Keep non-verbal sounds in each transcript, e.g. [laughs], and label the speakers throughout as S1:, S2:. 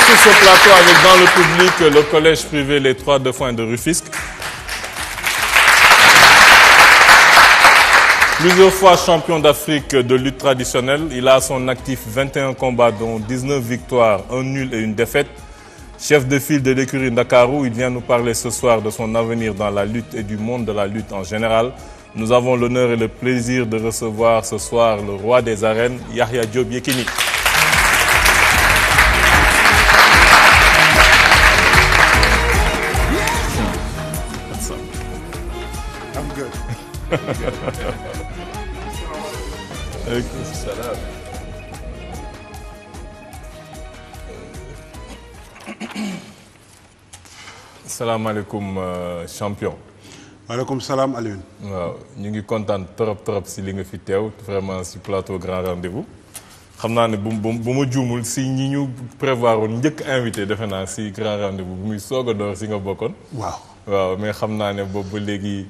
S1: sur ce plateau avec dans le Les Trois de Foin de Rufisque. fois champion d'Afrique de lutte traditionnelle, il a à son actif 21 combats dont 19 victoires, un nul de file de l'écurie Ndakaru, il vient nous parler ce soir de son de la lutte général. Nous avons le plaisir de
S2: Aleykümselam.
S1: salaamaaleykum uh, champion. maaleykum salaam Alioune. waaw ñu ngi kontaan trop trop si li nga fi teew vraiment si plateau grand rendez xam naa ne bu bu bu ma juumul si ñi ñu prévoir woon njëkk invité defe naa si grand rendez-vous muy soog a door si nga bokkoon. waaw waaw mais xam naa ne boobu ba léegi.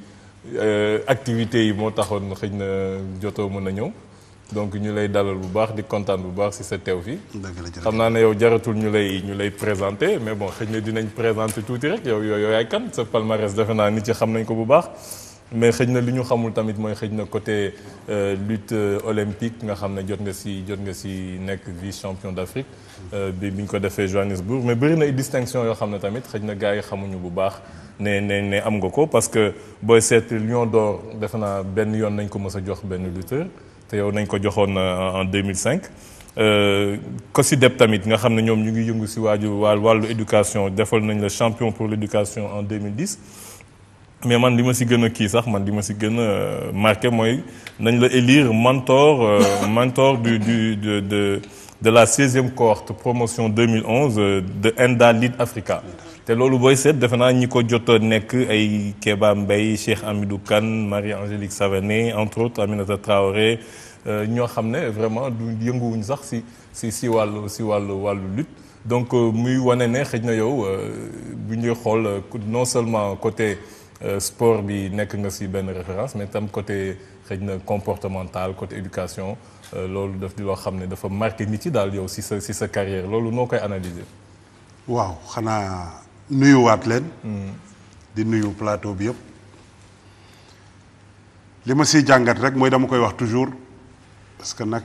S1: Euh, activités yi moo taxoon xëy na jotoo mën a ñëw donc ñu lay dalal bu baax di kontaan bu baax si sa teew fi xam naa ne yow jaratul ñu lay ñu lay présenter mais bon xëy na dinañ présenter tuuti rek yow yow yaay kan sa palmarès defe naa nit ci xam nañ ko bu baax mais xëy na li ñu xamul tamit mooy xëy na côté euh, lutte euh, olympique nga xam ne jot nga si jot nga ci nekk vice champion d'Afrique bi bi ñu ko defee Johannesburg mais bëri na ay distinction yoo xam ne tamit xëy na gars yi xamuñu bu baax ne ne ne am nga ko parce que booy seet Lion d'or defe naa benn yoon nañ ko mës a jox benn lutteur te yow nañ ko joxoon euh, en 2005 COSYDEP euh, tamit nga xam ne ñoom ñu ngi yëngu si waaju wàllu éducation defal nañ la champion pour l'éducation en 2010 mais man li ma si gën a kii sax man li ma si gën a euh, marqué mooy nañ la élire mentor [coughs] mentor du du de de de la 16e cohorte promotion 2011 de ENDA Lead Africa te loolu booy seet defe naa ñi ko jot nekk ay Kéba Mbaye Cheikh Hamidou Kane Marie-Angélique Savané entre autres Aminata Traoré euh, ñoo xam ne vraiment du yënguwuñ sax si si si wàllu si wàllu wàllu lutte donc euh, muy wane ne xëj na yow euh, bu ñuy xool non seulement côté sport bi nekk nga si benn référence mais tam côté xëj na comportemental côté éducation loolu daf di loo xam ne dafa marqué nit yi daal yow si sa si sa carrière loolu noo koy analyser
S2: waaw xanaa nuyuwaat leen. Hmm. di nuyu plateau bi yëpp. li ma siy jàngat rek mooy dama koy wax toujours parce que nag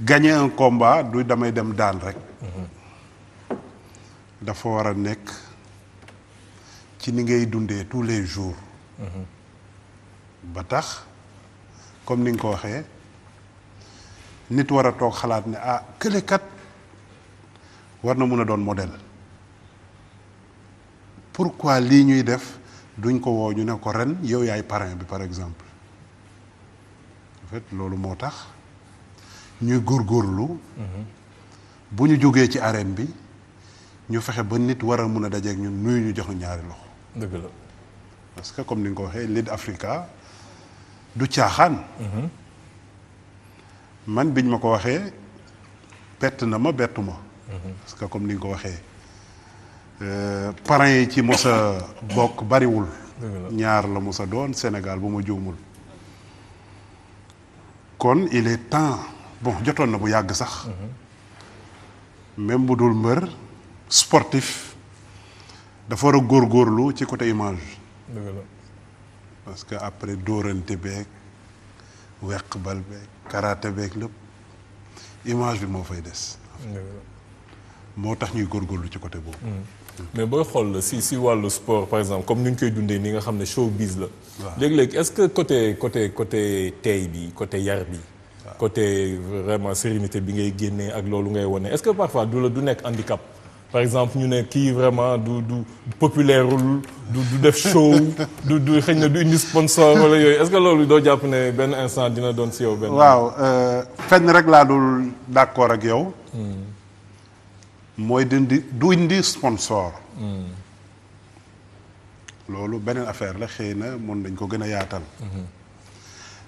S2: gagner un combat du damay dem daan rek. Hmm. dafa war a nekk ci ni ngay dundee tous les jours. Hmm. ba tax comme ni nga ko waxee nit war a toog xalaat ne ah kële kat war na mun a doon modèle. pourquoi lii ñuy def duñ ko woo ñu ne ko ren yow yaay parrain bi par exemple fait loolu moo tax ñuy góor góorlu mm-hmm. bu ñu jógee ci arène bi ñu fexe ba nit war a mun a dajeeg ñun nuyu ñu jox ñaari loxo. dëgg la parce que comme ni nga ko waxee Lead Africa du caaxaan. Mm-hmm. man biñ ma ko waxee bett na ma bettu ma. Mm-hmm. parce que comme ni nga ko waxee. Euh, parrain yi ci mos bokk bariwul ñaar la mos doon Sénégal bu ma juumul kon il est temps bon jotoon na bu yàgg sax même bu dul mbër sportif dafa war a góor góorlu ci côté image parce que après dóorante beeg weq bal beeg karaté beeg lépp image bi moo fay des moo tax ñuy góorgóorlu ci côté boobu mm. mais
S1: booy xool si si wàllu sport par exemple comme ni ñu koy dundee ni nga xam ne showbiz la. léeg-léeg est-ce que côté côté côté tey bi côté yar bi. côté vraiment sérénité bi ngay génnee ak loolu ngay wone est-ce que parfois du la du nekk handicap. par exemple ñu ne kii vraiment du
S2: du populaire du du def show du du xëy na du indi sponsor wala
S1: yooyu est-ce que loolu doo jàpp ne benn instant dina doon si yow. benn waaw
S2: euh, fenn rek laa dul d'accord ak yow. Hmm. mooy dindi du indi sponsor. Hmm. loolu beneen affaire la xëy na mën nañ ko gën a yaatal. Hmm.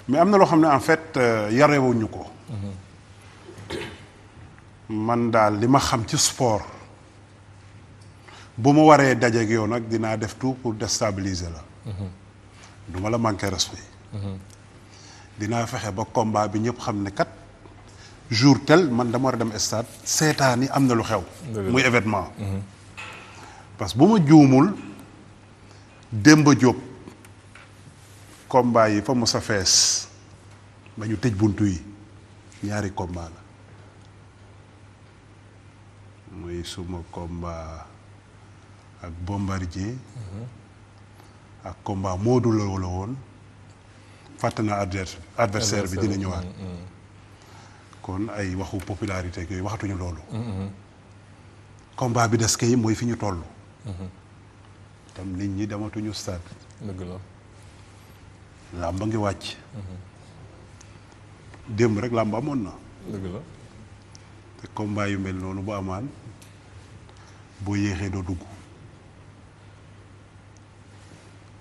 S2: mais am na loo xam ne en fait euh, yarewuñu ko. Hmm. man daal li ma xam ci sport bu ma waree dajeeg yow nag dinaa def tout pour déstabiliser la. du la manquer respect. dinaa fexe ba combat bi ñëpp xam ne kat. jour tel man dama war a dem stade seetaani am na lu xew.
S3: muy événement. Mhm.
S2: parce que bu ma juumul démb Diop combat yi fa mu sa fees ba ñu tëj buntu yi ñaari combat la muy suma combat ak Bombardier. Mhm. ak combat Modou Lo la woon fàtte na adversaire bi dina ñëwaat. Mhm, nekkoon ay waxu popularité yooyu waxatuñu loolu. Mm-hmm. combat bi des kay mooy fi ñu toll. Mm-hmm. tam nit ñi dematuñu stade. làmb ngi wàcc.
S3: Mm-hmm.
S2: démb rek làmb amoon na. dëgg la. te combat yu mel noonu bu amaan boo yéexee doo dugg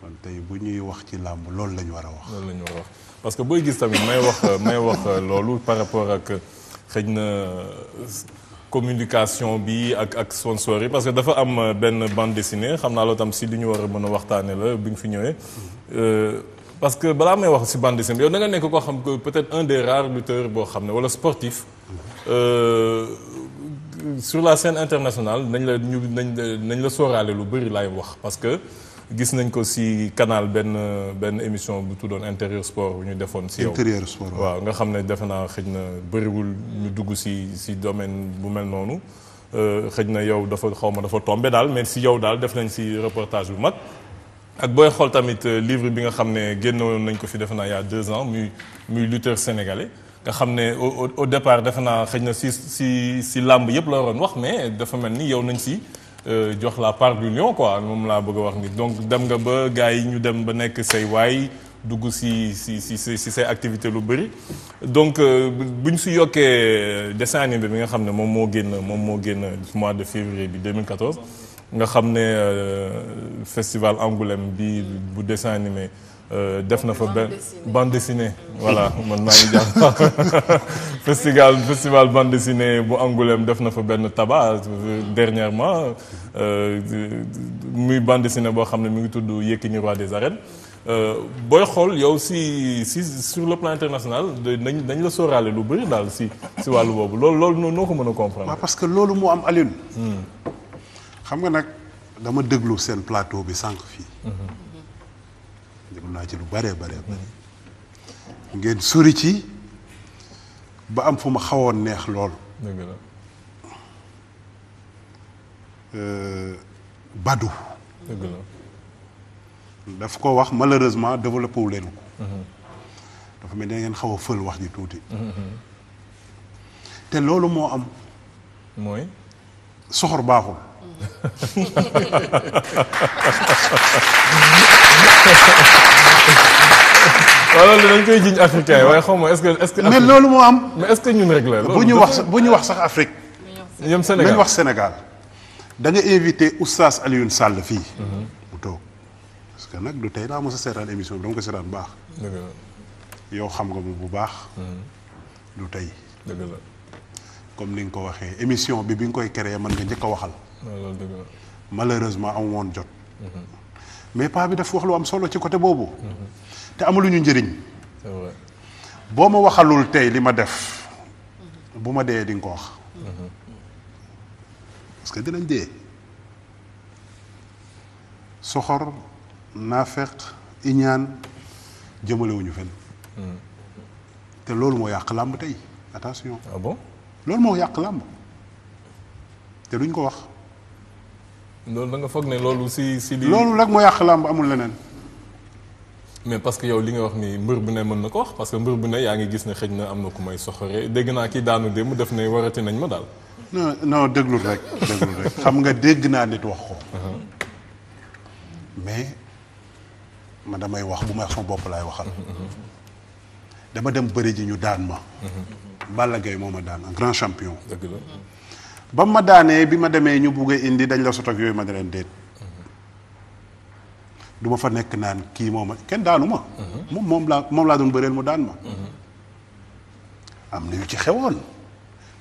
S2: kon tey bu ñuy wax ci làmb loolu lañu war a wax.
S1: loolu lañu war a wax. parce que booy gis tamit may wax euh, may wax euh, loolu par rapport ak euh, xëj na communication bi ak ak sponsor yi parce que dafa am benn bande dessinée xam naa loo tam si li ñu war a mën a waxtaane la bi nga fi ñëwee mhm. parce que balaa may wax si bande dessinée yow na nga nekk koo xam peut-être un des rares lutteurs boo xam ne wala sportif mhm. sur la scène internationale nañ la ñu nañ nañ la sóoraale lu bëri laay wax parce que gis nañ ko si canal benn benn émission bu tuddoon intérieur sport bu ñu defoon si yow intérieur waaw nga xam ne defe naa xëj na bëriwul ñu dugg si si domaine bu mel noonu euh, xëj na yow dafa xaw ma dafa tombe daal mais si yow daal def nañ si reportage bu mag ak booy xool tamit euh, livre bi nga xam ne génnoon nañ ko fi defe naa y a deux ans muy muy lutteur sénégalais nga xam ne au départ defe naa xëj na si si si làmb yëpp la waroon wax mais dafa mel ni yow nañ si Euh, jox la part du lion quoi moom laa bëgg wax ni donc dem nga ba gars yi ñu dem ba nekk say waay dugg si si si si say activité lu bëri donc euh, bu ñu si yokkee dessin animé bi nga xam ne moom moo génn moom moo génn mois de février bi 2014 nga xam ne euh, festival Angoulême bi bu dessin animé Euh, def na fa benn bande dessinée voilà man maa ngi jàng [laughs] festival festival bande dessinée bu Angoulême def na fa benn tabac euh, dernièrement euh, muy bande dessinée boo xam ne mu ngi tudd Yékini roi des arènes booy xool yow si si sur le plan international dañ dañ la sorale lu bëri daal si si wàllu boobu loolu loolu noo ko mën a comprendre.
S2: parce que loolu moo am Alioune. Hmm. xam nga nag dama déglu seen plateau bi sànq fii. Hmm. jàngoon naa ci lu bëree bëree bëri ngeen sori ci ba am fu ma xawoon neex lool dëgg la euh, daf ko wax malheureusement développé leen ko mhm. dafa mel ne ngeen xaw a fël wax ji tuuti mhm. te loolu moo am mooy soxor baaxul [laughs] waaw loolu dañ koy jiñ africain waaye xaw ma est-ce que loolu moo
S1: am. mais est-ce que ñun rek la.
S2: bu ñu wax sax Afrique. Sénégal nañ wax Sénégal. da nga invité oustaz Alioune Sall fii. Mm-hmm. mu toog parce que nag du tey daa mos a seetaan émission bi dama ko seetaan baax. yow xam nga moom bu baax. Mm-hmm. du tey. comme ni nga ko waxee émission bi bi nga koy créé man nga njëkk a waxal. malheureusement amu woon jot. Mm-hmm. mais paa bi daf wax lu am solo ci côté boobu. te amaluñu njëriñ. boo ma waxalul tey li ma def bu ma dee di nga ko wax. parce que dinañ dee. soxor naafeq iñaan jëmalewuñu fenn. te loolu moo yàq làmb tey attention. Ah loolu moo yàq làmb te duñ ko wax. loolu da nga foog ne loolu si si. loolu rek moo yàq làmb amul leneen.
S1: mais parce que yow li nga wax ni mbër bu ne mën na ko wax parce que mbër bu ne yaa ngi gis ne xëj na am na ku may soxore dégg naa kii daanu démb def ne
S2: warati nañ ma daal. non non rek xam nga dégg naa nit wax ko. Uh-huh. mais man damay wax bu may wax bopp laay waxal. Uh-huh, uh-huh. dama dem bëri ji ñu daan ma. Balla Gaye moo ma daan un grand champion. dëgg la. ba ma daanee bi ma demee ñu buggee indi dañ la sotoog yooyu ma ne leen déet mhm. duma fa nekk naan kii moom kenn daanu ma. Mhm. moom moom laa moom laa doon bëreel mu daan ma. Mhm. am na yu ci xewoon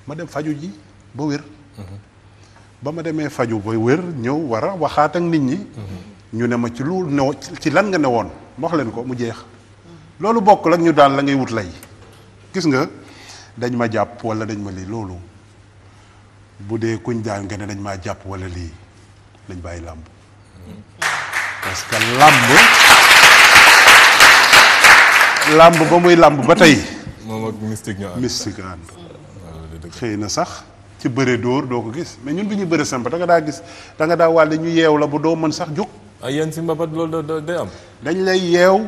S2: ma dem faju ji ba wér. ba ma demee faju ba wér ñëw war a waxaat ak nit ñi. ñu ne ma ci lu ne ci lan nga ne woon wax leen ko mu jeex. loolu bokk la ñu daan la ngay wut lay. gis nga dañ ma jàpp walla dañ ma lii loolu. bu dee kuñ daan nga dañ maa jàpp wala lii dañ bàyyi làmb parce làmb làmb ba muy làmb ba tey moom ak mystique ñoo ànd ah, xëy na sax ci bëre dóor doo ko gis mais ñun bi ñuy bëre simple da nga daa gis danga nga daa wàlle ñu yeew la bu doo mën sax jóg ay yéen si mbapat loolu am dañ lay yeew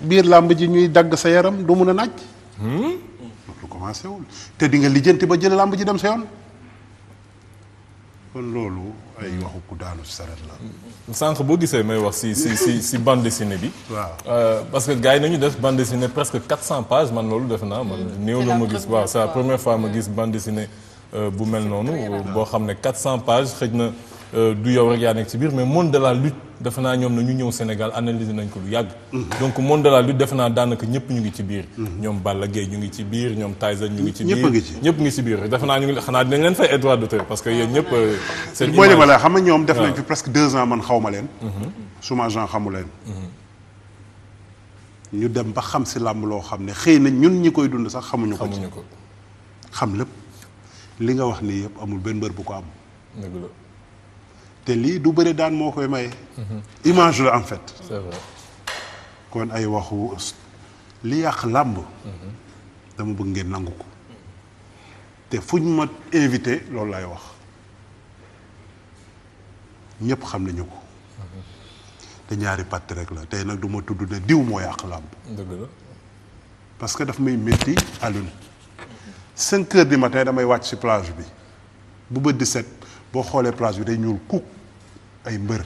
S2: biir làmb ji ñuy dagg sa yaram du mun a naaj hmm? commencé wul te di nga lijjanti ba jël làmb ji dem sa yoon kon loolu ay
S1: waxu ku boo gisee may wax si si si si bande bi. [laughs] waaw euh, parce que gars yi nañu def bande dessinée presque 400 pages man loolu def naa man. néew la ma gis waaw c'est la première fois ma gis bande dessinée euh, bu mel noonu. boo xam ne 400 pages xëj na. Euh, du yow rek yaa nekk ci biir mais monde de la lutte naa ñoom na ñu ñëw Sénégal analyser nañ ko lu yàgg. Mhm. donc monde de la lutte defe naa daanaka ñëpp ñu ngi ci biir. Mhm. ñoom Balla Gaye ñu ngi ci biir ñoom Tyson ñu ngi ci biir. ñëpp ngi ci ñëpp ngi ci biir defe naa ñu ngi xanaa dinañ leen fay ay droit d'auteur parce que yéen ñëpp. Euh, seen mooy la xam ñoom def nañ fi
S2: presque deux ans man xaw leen. Mhm. suma genre xamu ñu dem ba xam si làmb loo xam ne xëy na ñun ñi koy dund sax xamuñu ko. xamuñu ko xam lépp li nga wax nii yëpp amul benn mbër bu ko am. te lii du bëri daan moo koy maye. image la en fait. kon ay waxu li yàq làmb. dama bëgg ngeen nangu ko. te fuñ ma invité loolu laay wax ñëpp xam nañu ko. te ñaari pàtt rek la tey nag du ma tudd ne diw moo yàq làmb. dëgg la. parce que daf may métti Alioune. 5 heures du matin damay wàcc ci plage bi bu bët di set. boo xoolee place bi day ñuul kuk ay mbër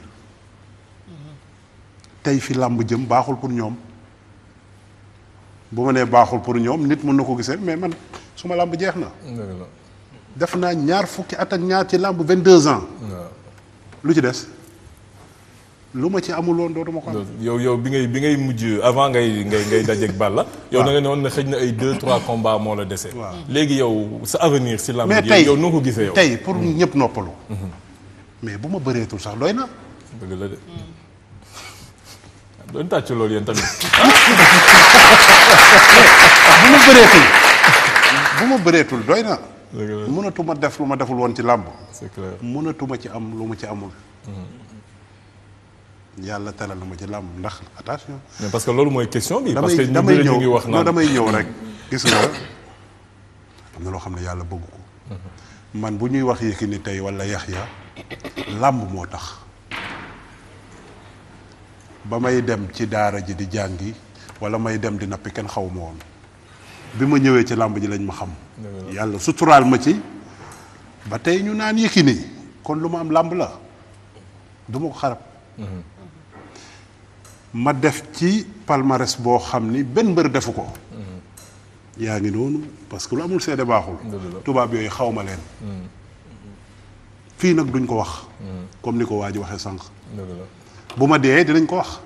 S2: tey fi làmb jëm baaxul pour ñoom bu ma nee baaxul pour ñoom nit mën na ko gisee mais man suma làmb jeex na def naa ñaar fukki at ak ñaar ci làmb vingt-deux ans lu ci des lu ma ci amul woon dootuma ko am.
S1: yow yow bi ngay bi ngay mujj avant ngay ngay ngay dajeeg Balla. [laughs] yow da nga ne woon ne xëj na ay 2 3 combats moo la dese. waaw léegi yow sa avenir. si lamb yow yow noo ko gisee yow. tey
S2: pour mm-hmm. ñëpp mm-hmm. bu ma bëreetul sax doy na.
S1: dëgg [laughs] loolu yéen tamit.
S3: [laughs]
S2: ma bëreetul doy na. mënatuma def lu ma deful woon ci làmb. c'est clair mënatuma ci am lu ma ci amul. Mm-hmm. yàlla teral na ma ci làmb ndax attention. parce que loolu mooy question bi. parce que ñu bëri ñu ngi wax naan damay ñëw rek. gis nga loo xam ne yàlla bëgg ko. man bu ñuy wax Yékini tey wala Yaxya làmb moo tax. ba may dem ci daara ji di jàngi wala may dem di nappi kenn xaw ma bi ma ñëwee ci làmb ji lañ ma xam. yàlla suturaal ma ci. ba tey ñu naan nii kon lu ma am làmb la du ko xarab. Mhm. ma def ci palmarès boo xam ni benn mbër defu ko.
S3: Mm-hmm.
S2: yaa ngi noonu parce que lu amul seede baaxul. tubaab yooyu xaw ma leen. Mm-hmm. fii nag duñ ko wax. Mm-hmm. comme ni ko waa ji waxee sànq. bu ma dee dinañ ko wax.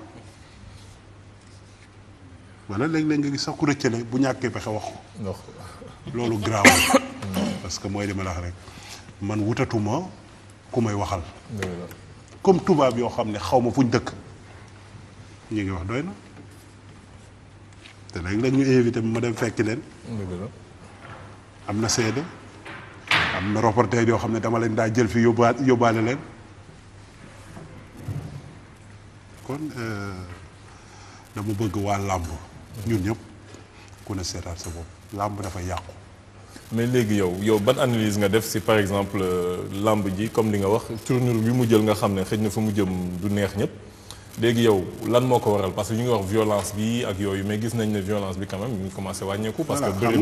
S2: wala léeg-léeg nga gis sax ku rëccale bu ñàkkee pexe wax ko. loolu grave parce que mooy li ma rek man wutatuma ku may waxal. comme tubaab yoo xam ne xaw ma fuñ dëkk. ñu ngi wax doy na te léeg-léeg ñu invité ma dem fekki leen. am na seede am na reporter yoo xam ne dama leen daa jël fi yóbbaale yóbbaale leen kon euh, dama bëgg waa làmb ñun ñëpp ku ne seetaat sa bopp làmb dafa yàqu. mais léegi yow yow ban
S1: analyse nga def si par exemple euh, làmb ji comme li nga wax tournure bi mu jël nga xam ne xëj na fa mu jëm du neex ñëpp. léegi yow lan moo ko waral parce que ñu ngi wax violence bi ak yooyu mais gis nañ ne violence bi quand même ngi commencé wàññeeku. parce que bëri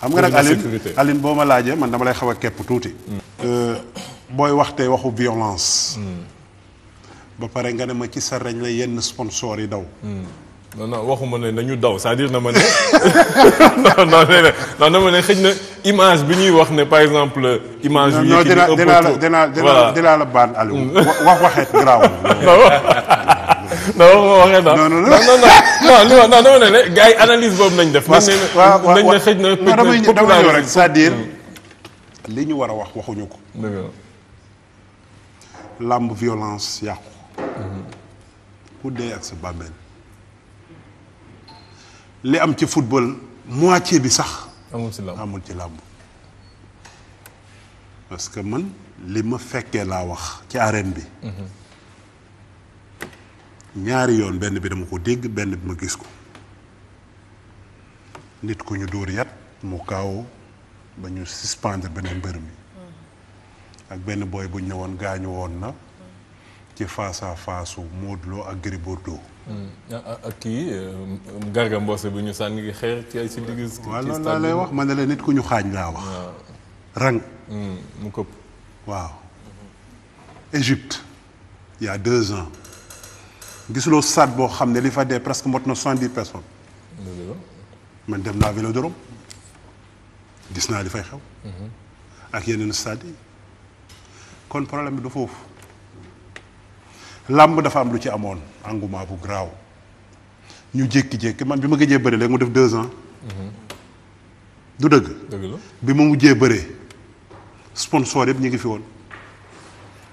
S1: xam nga nag Aline
S2: Aline boo ma laajee man dama lay xaw a képp tuuti. Hmm. Euh, booy wax tey waxu violence. Hmm. pare nga ne ma ci sa reñ la yenn sponsor yi daw.
S3: Hmm.
S1: non
S2: non waxuma ne nañu daw cest
S1: na ma ne [laughs] non non ma ne xëj na image bi ñuy wax ne par exemple. Euh, image yu yëkkati ëpp dinaa la dinaa la dinaa
S2: la baan Aliou.
S1: wax waxeet garaaw. [laughs] non waxee naa. ne ne gars yi analyse
S2: boobu nañ def. parce que waaw waaw nañ ne xëj na. damay damay ñëw rek cest à mm. li ñu war a wax waxuñu ko. làmb violence yàqu. Mm-hmm. ku dee ak sa bàmmeel. li am ci football moitié bi sax. amul ci làmb amul ci làmb. parce que man li ma fekkee laa wax ci arène bi. Mm-hmm. ñaari yoon benn bi dama ko dégg benn bi ma gis ko nit ku ñu dóor yat mu kaw ba ñu suspendre beneen mbër mi ak benn booy bu ñu ne woon gaañu woon na ci face à face su Modou ak Gris Bordeaux.
S1: Mm. ak ah, ah,
S2: kii euh, Garga Mbossé
S1: bu ñu sànni xeer ci ay si digg. ci waaw loolu laa lay wax
S2: man ne nit ku ñu xaañ laa wax. rang. Mm, mu këpp. waaw Égypte il a deux ans. gisuloo stade boo xam ne li fa dee presque mot na soixante-dix personnes. man dem naa Vélodrome gis naa li fay
S3: xew. Mhm.
S2: ak yeneen stade kon problème bi du foofu. làmb dafa am lu ci amoon engouement bu graaw ñu jékki-jékki man bi ma jee bëri léegi mu def deux ans. Mhm. du dëgg. bi ma mujjee bëree sponsor yëpp ñu ngi fi woon.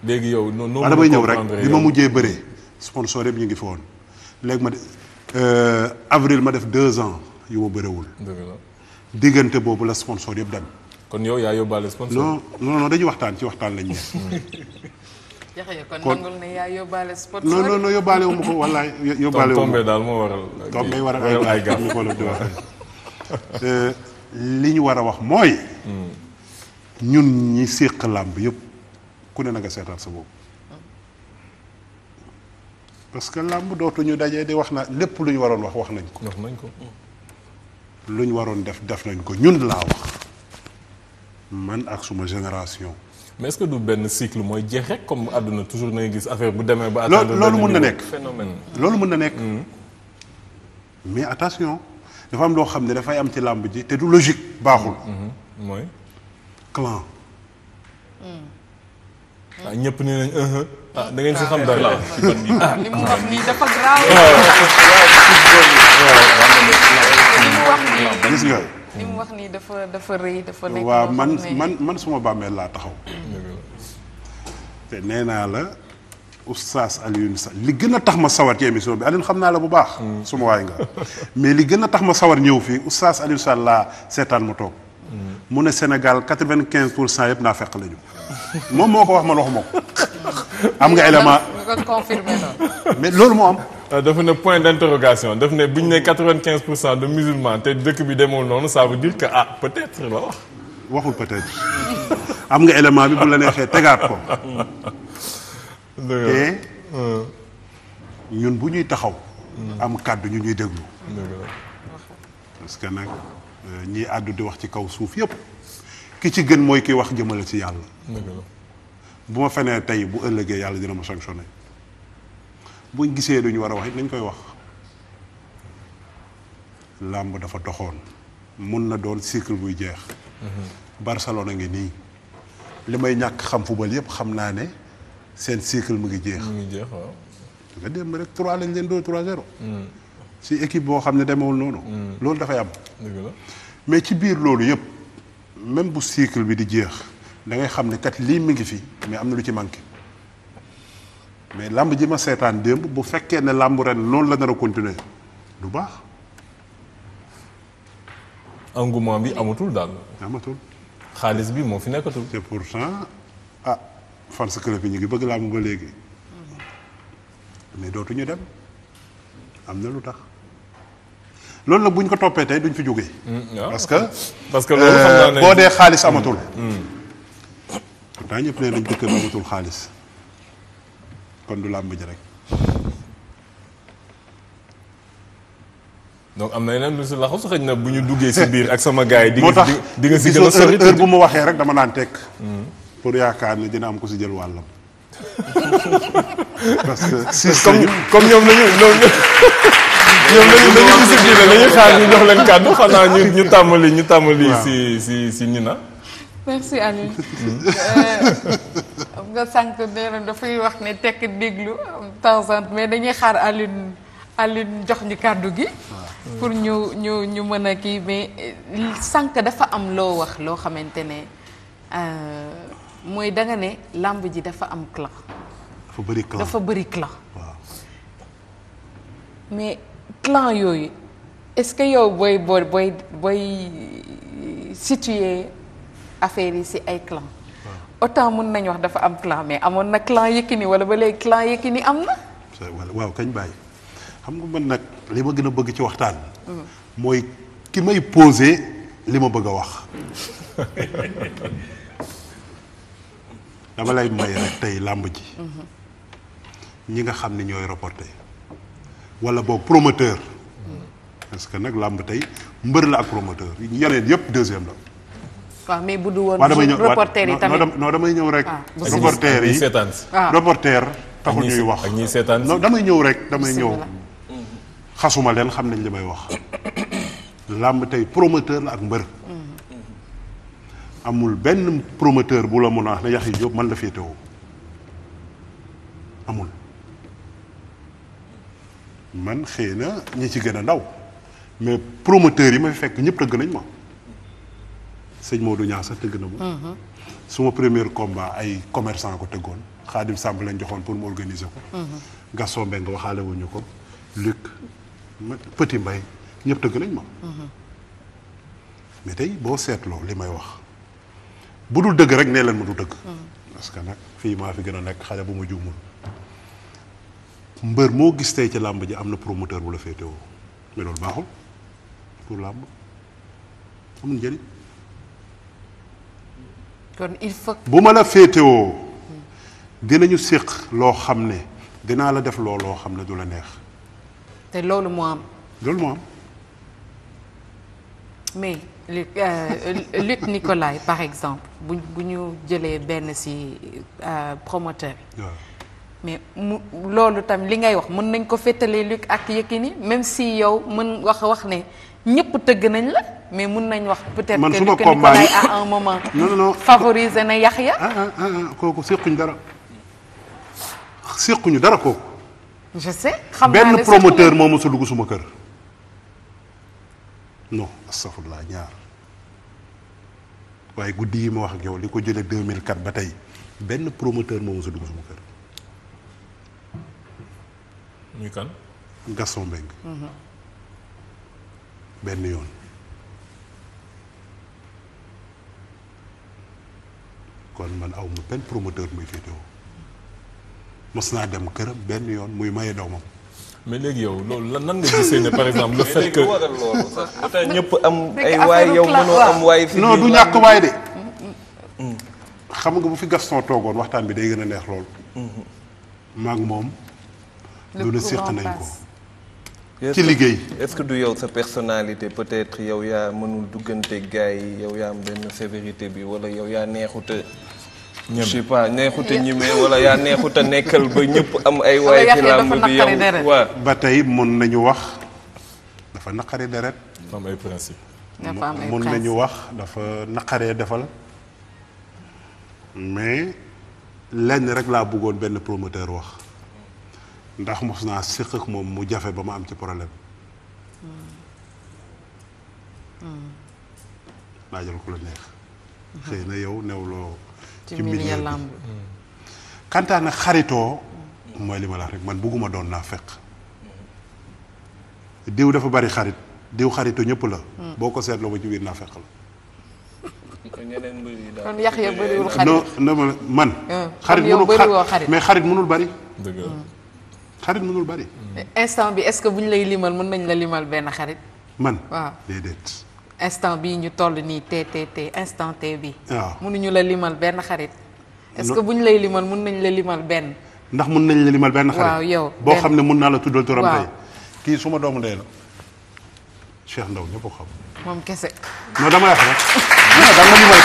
S1: léegi yow noonu damay ñëw rek bi ma mujjee bëree.
S2: sponsor yëpp ñu ngi fi woon léegi ma de euh, avril ma def deux ans yu ma bëriwul. dëgg la diggante boobu la sponsor yëpp dem. kon yow yaa yóbbaale sponsor. non non non dañuy waxtaan ci waxtaan lañ nekk.
S4: jaxee kon nangul ne yóbbaale wu ma ko wallaay yóbbaale wu ma ko tombé daal moo waral. ay gàmm ñu ko la di
S2: waxee. li ñu war a wax mooy. Hmm. ñun ñi séq làmb yëpp ku ne na nga seetaat sa bopp. parce que làmb dootuñu dajee di wax na lépp lu ñu waroon wax wax nañ ko. wax nañ ko. ñu waroon def def nañ ko ñun laa wax man
S1: ak suma génération. mais est que du benn cycle mooy jeex rek comme àdduna toujours na gis affaire bu demee ba.
S2: atteindre loolu mën na nekk phénomène loolu mën na nekk. Mm-hmm. mais attention dafa am loo xam ne dafay am ci làmb ji te du logique baaxul. Mm-hmm. mooy. clan. Mm. waaw ah, ñëpp ñu
S1: nañ uh-huh. ah da ngeen si xam ah, ah,
S3: dafa garaaw.
S4: gis dafa dafa rëy waaw man man
S2: man suma bàmmeel laa taxaw. te nee naa la oustaz Alioune Sall li gën a tax ma sawar ci émission bi Alioune xam naa la bu baax. suma waay nga mais li gën a tax ma sawar ñëw fii oustaz Alioune Sall laa seetaan mu toog. Mm. mu ne Sénégal quatre-vingt-quinze pour cent yëpp naa fekk lañu moom moo ko wax man waxuma ko.
S1: am nga élément mais loolu moo am. Euh, dafa ne point d'interrogation daf ne bu ñu ne quatre-vingt-quinze pour cent de musulmans te dëkk bi demul noonu ça veut dire que ah peut la wax. waxul peut
S2: am nga élément bi bu la neexee tegaat ko. te euh. ñun bu ñuy taxaw. Hmm. am kàddu ñu ñuy déglu. parce que nag euh, ñiy àddu di wax ci kaw suuf yëpp. ki ci gën mooy ki wax jëmale si yàlla. bu ma fenee tey bu ëllëgee yàlla dina ma sanctionné buñ gisee duñu war a wax it nañ koy wax. làmb dafa doxoon mun na doon cycle buy jeex. Mm-hmm. Barcelone ngi nii li may ñàkk xam football yëpp xam naa ne seen cycle mu ngi jeex. mu ngi jeex waaw. nga dem rek 3 lañ leen doon 3-0. Mm. si équipe boo xam ne demewul noonu. Mm. loolu dafay am. mais ci biir loolu yëpp. même bu cycle bi di jeex da ngay xam ne kat lii mi ngi fi mais am na lu ci manqué mais làmb ji ma seetaan démb bu fekkee ne làmb ren noonu la nar a continuer du baax. engouement bi amatul daal. amatul. xaalis bi moo fi nekkatul. te pourtant ah fans club yi ngi bëgg làmb ba léegi mais dootuñu dem am na lu tax. loolu nag bu ñu ko toppee tey duñ fi jógee. Mm, parce que. parce que loolu euh, dee xaalis mm. amatul. Mm. pourtant ñëpp nee nañ dëkk amatul xaalis kon du làmb ji rek. donc am na yeneen
S1: lu si laxasu xëy na bu ñu duggee si biir ak sama gars yi. di nga di nga si gën a sori bu ma waxee rek
S2: dama naan tekk pour yaakaar ne dina am ko si jël wàllam. [laughs] parce comme comme ñoom la ñu [laughs] ñoom dañu dañu discipliné dañuy xaar
S1: ñu jox leen kàddu xanaa ñu ñu tàmbali ñu tàmbali. si si si Nina.
S4: merci Aliou. Hmm. Euh, nga sànq nee dafay wax ne tekk déglu euh, temps en mais dañuy xaar Aliou jox ñu kàddu gi. Ah. pour ñu ñu mën a kii mais euh, sànq dafa am loo wax loo xamante ne mooy danga ne làmb ji dafa am clan. dafa bëri clan. mais clan yooyu est-ce que yow booy booy booy booy situer affaire yi si ay clan ah. autant mën nañu wax dafa am clan mais amoon na clan ni wala ba léegi clan ni am na
S2: waaw kañ bàyyi xam nga mën nag li ma gën a bëgg ci waxtaan mm. mooy ki may posé li ma bëgg a wax [laughs] dama lay may rek tey làmb ji mm-hmm. ñi nga xam ne ñooy reporté wala boog promoteur. parce que nag làmb tey mbër la ak promoteur yeneen yëpp deuxième la.
S4: waaw mais bu du woon. reporter yi tamit
S2: non damay ñëw rek. Ah, reporter yi ah. reporter taxul ñuy wax ak ñiy seetaan non damay ñëw rek damay ñëw. xasuma leen xam nañ li may wax. làmb tey promoteur la ak mbër. amul benn promoteur bu la mun a wax ne Yaxya Jóob man la féetewoo amul. man xëy na ñi ci gën a ndaw mais promoteur yi ma fi fekk ñëpp tëgg nañ ma sëñ moo du Niass sax tëgg na ma.
S3: première
S2: mhm. premier combat ay commerçant ko tëggoon Xaadim Samb lañ joxoon pour mu organiser ko. Mhm. Gaston Mbengue waxaale wuñu ko Luc pëti mbay ñëpp tëgg nañ ma. Mhm. mais tey boo seetloo li may wax bu dul dëgg rek nee leen ma du dëgg. parce nag fii maa fi gën a nekk xale bu ma juumul. mbër moo gis tey ci làmb ji am na promoteur bu la féetewoo mais baaxul pour làmb amul njëriñ. kon il faut. bu ma la féetewoo dinañu séq loo xam ne dinaa la def looloo xam ne du la neex.
S4: te loolu moo am. loolu moo am. mais euh, Luc Nicolaï par exemple bu ñu jëlee benn ci euh, promoteur. mais mu loolu tam li ngay wax mën nañ ko féetalee Luc ak Yékini même si yow mën wax wax ne ñëpp tëgg nañ la mais mën nañ wax. peut-être que Luc Nicolaï à un moment. [laughs] non non favoriser na Yaxya. Ah ah, ah ah kooku séquñu dara
S2: séquñu dara kooku.
S4: je sais xam naa benn promoteur moo
S2: mos dugg suma kër. non astafurlah ñaar waaye guddi yi ma wax ak yow li ko jëlee 2004 ba tey benn promoteur moo mos a suma kër. muy kan. Gaston Mbengue. Mhm. benn yoon. kon man aw ma benn promoteur muy féetewoo mos naa dem këram benn yoon muy maye doomam. mais léegi yow loolu lan nan nga gisee ne par exemple le [laughs] fait que
S3: [laughs] ñëpp am ay waay yow mënoo am waay fi non du ñàkk waay de.
S2: Mm. xam nga bu fi Gaston toogoon waxtaan bi day gën a neex lool. Mm-hmm. maag moom.
S4: loolu seq nañ ko
S2: ci liggéey
S5: est-ce que du yow sa personalité peut-être yow yaa mënul duggante gars yi yow yaa am benn sévérité bi wala yow yaa neexuta je sais pas neexuta ñime wala yaa neexuta nekkal ba ñëpp am ay waay ci bi yow
S2: waaw ba tey mën nañu wax dafa naqari deret am ay principe mën nañu wax dafa naqaree defal mais lenn rek laa bëggoon benn promoteur wax ndax mos naa séq ak moom mu jafe ba ma am ci problème laajal ko la neex xëy na yow newloo
S4: ci milieu lamb
S2: kantaan nag xaritoo mooy li ma la rek man bugguma doon naa fekk diw dafa bari xarit diw xaritu ñëpp la boo ko seetloo ba ci naa fekk la man ah, xarit mënul xarit mais xarit bari
S4: xarit mënul bari. instant bi est-ce que bu ñu lay limal mën nañ la limal benn xarit. man waaw instant bii ñu toll nii te te te instant te bi waaw mënuñu la limal benn xarit. est que bu ñu lay limal mën nañ la limal benn.
S2: ndax mën nañ la limal benn xarit yow boo xam ne mun naa la tuddal turam tey. kii su ma doomu ndey la. Cheikh Ndaw ñëpp xam. moom kese. non dama wax rek. danga limal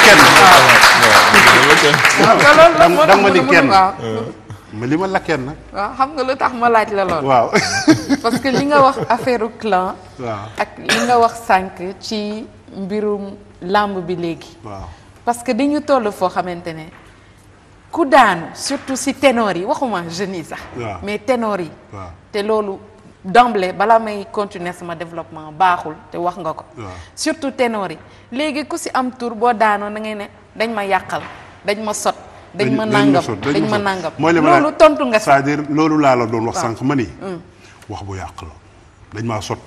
S2: kenn. danga ma ni kenn. ma li ma lakkeen nag.
S4: waaw xam nga lu tax ma laaj la lool. waaw [laughs] parce que li nga wax affaire clan. ak li nga wax sànq ci mbirum làmb bi léegi. waaw parce que dañu toll foo xamante ne ku daanu surtout si ténor yi waxuma jeunes yi sax. mais ténor yi. te loolu d'emblée balaa may continuer sama développement baaxul te wax nga ko. surtout ténor yi léegi ku si am tour boo daanoo na ngay ne dañ ma yàqal dañ ma sot. dañ ma nangam dañ ma nangam mooy li ma loolu
S2: tontu nga cest loolu laa sànq ma ni mm. bu yàq dañ maa sot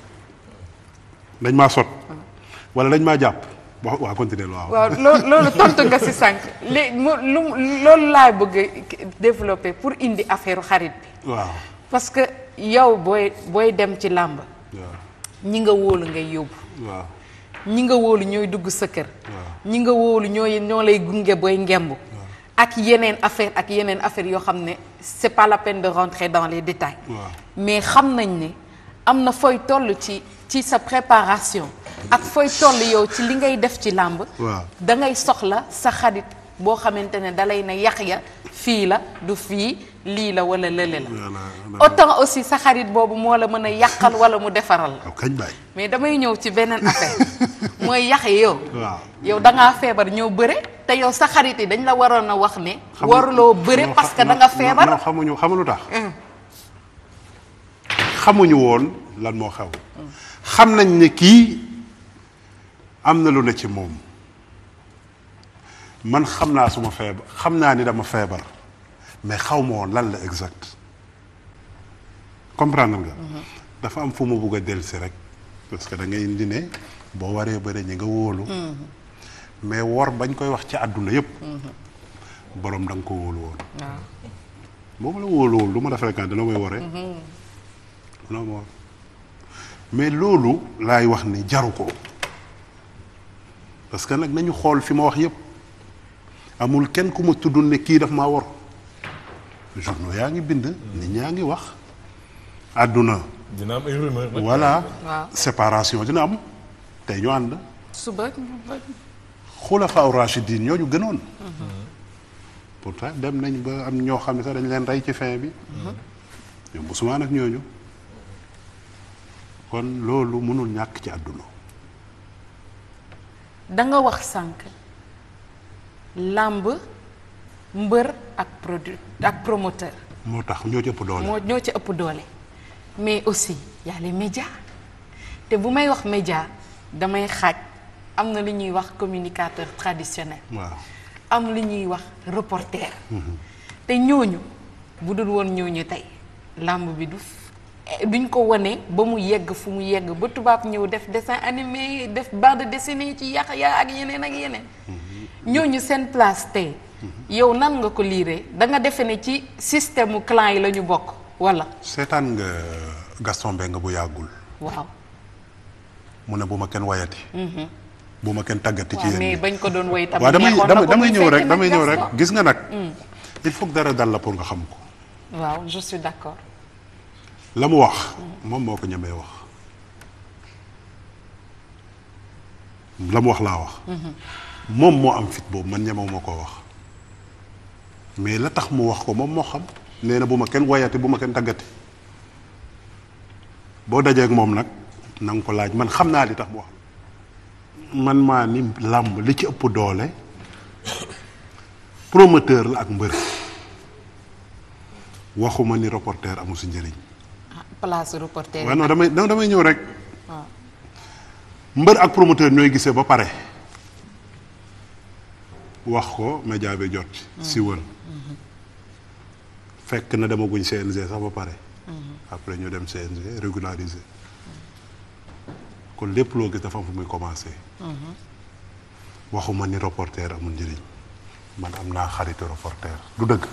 S2: dañ dañ maa jàpp wax waaw
S4: si sànq li mu loolu laa bëgg développer pour indi affaire xarit bi. waaw parce que yow booy booy dem ci làmb. ñi nga wóolu ngay yóbbu. waaw ñi nga wóolu ñooy dugg sa kër. ñi nga wóolu ñooy ñoo lay gunge booy ngemb. ak yeneen affaire ak yeneen affaire yoo xam ne c'est pas la peine de rentrer dans les détails mais xam nañ ne am na fooy toll ci ci sa préparation ak fooy toll yow ci li ngay def ci làmb da ngay soxla sa xarit boo xamante ne dalay na yàq ya fii la du fii lii la wala lële la autant aussi sa xarit boobu moo la mën a yàqal [laughs] wala mu defaral la mais damay ñëw ci beneen affaire [laughs] mooy yàq yow yow da feebar ñëw bëre te yow sa xarit yi dañ la waroon a wax ne waruloo bëre parce que da nga
S2: xamuñu xamuñu tax mm. xamuñu woon lan moo xew xam nañ ne kii am na lu ne ci moom man xam naa suma feebar xam naa ni dama feebar mais xaw ma woon lan la exact comprendre nga. Mhm. dafa am fu ma bugg a dellusi rek parce que da ngay indi ne boo waree bëri ñi nga wóolu. Mhm. mais wor bañ koy wax ci àdduna yëpp. Mhm. borom da ko wóolu woon. Ah. boo ma la wóolu woon lu ma la fréquenté dina may waree. dina ma war mais loolu laay wax ni jaru ko parce que nag nañu xool fi ma wax yëpp amul kenn ku ma tuddul ne kii daf maa wor. journaux yaa ngi bind. nit ñaa ngi wax. àdduna. dina séparation dina am tey ñu ànd. suba xulafaa raashidiin ñoo ñu gënoon. pourtant dem nañ ba am ñoo xam ne sax dañ leen rey ci fin bi. ñoom musulmaan ak ñooñu. kon loolu mënul ñàkk ci àdduna.
S4: da nga wax sànq làmb. mbër ak produit ak promoteur.
S2: moo tax ñoo ci ëpp doole
S4: moo ñoo ci ëpp doole. mais aussi y a les médias te bu may wax média damay xaaj am na lu ñuy wax communicateur traditionnel. waaw am li ñuy wax reporter. Mm-hmm. te ñooñu bu dul woon ñooñu tey làmb bi du eh, duñ ko wane ba mu yegg fu mu yegg ba tubaab ñëw def dessin animé def bande dessinée ci yàq ya ak yeneen ak yeneen. Mm-hmm. ñooñu seen place tey. yow nan nga ko liiree da nga defe ne ci système mu clan yi la ñu bokk wala.
S2: seetaan nga Gaston Mbengue bu yàggul. waaw. mu ne bu ma kenn wayati. Mhm. bu ma kenn tàggati. ci yéen mais bañ
S4: ko doon way tamit. neexoon na damay ñëw rek damay ñëw rek gis nga nag. Mm.
S2: il faut que dara dal nga xam ko.
S4: waaw je d'accord.
S2: la mu wax. moom moo ko ñemee wax. la mu wax laa wax. Mhm. moom moo am fit boobu man ñemewu koo wax. mais la tax mu wax ko moom moo xam nee na bu ma kenn woyati bu ma kenn tàggati boo dajee ak moom nag na ko laaj man xam naa li tax mu wax man maa ni làmb li ci ëpp doole promoteur la ak mbër waxuma ni reporter amu si njëriñ.
S4: Ah, place reporter. waaw non damay
S2: damay ñëw rek. Ah. mbër ak promoteur ñooy gisee ba pare. wax ko média bi jot si wël fekk na demaguñ CNG sax ba pare après ñu dem CNG régulariser kon lépp loo gis dafa am fu muy commencé waxuma ni reporter amul njëriñ man am naa xaritu reporter du dëgg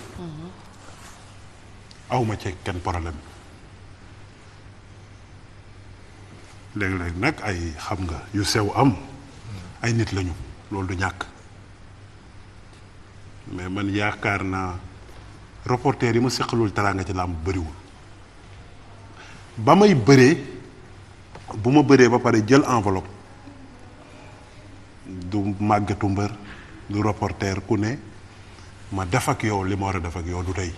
S2: awma ci kenn problème léeg-léeg nag ay xam nga yu sew am ay nit lañu loolu du ñàkk mais man yaakaar naa reporter yi ma seqalul teraanga ci làmb bëriwul ba may bëree bu ma bëree ba pare jël enveloppe du màggetu mbër du reporter ku ne ma def ak yow li ma war a def ak yow du tey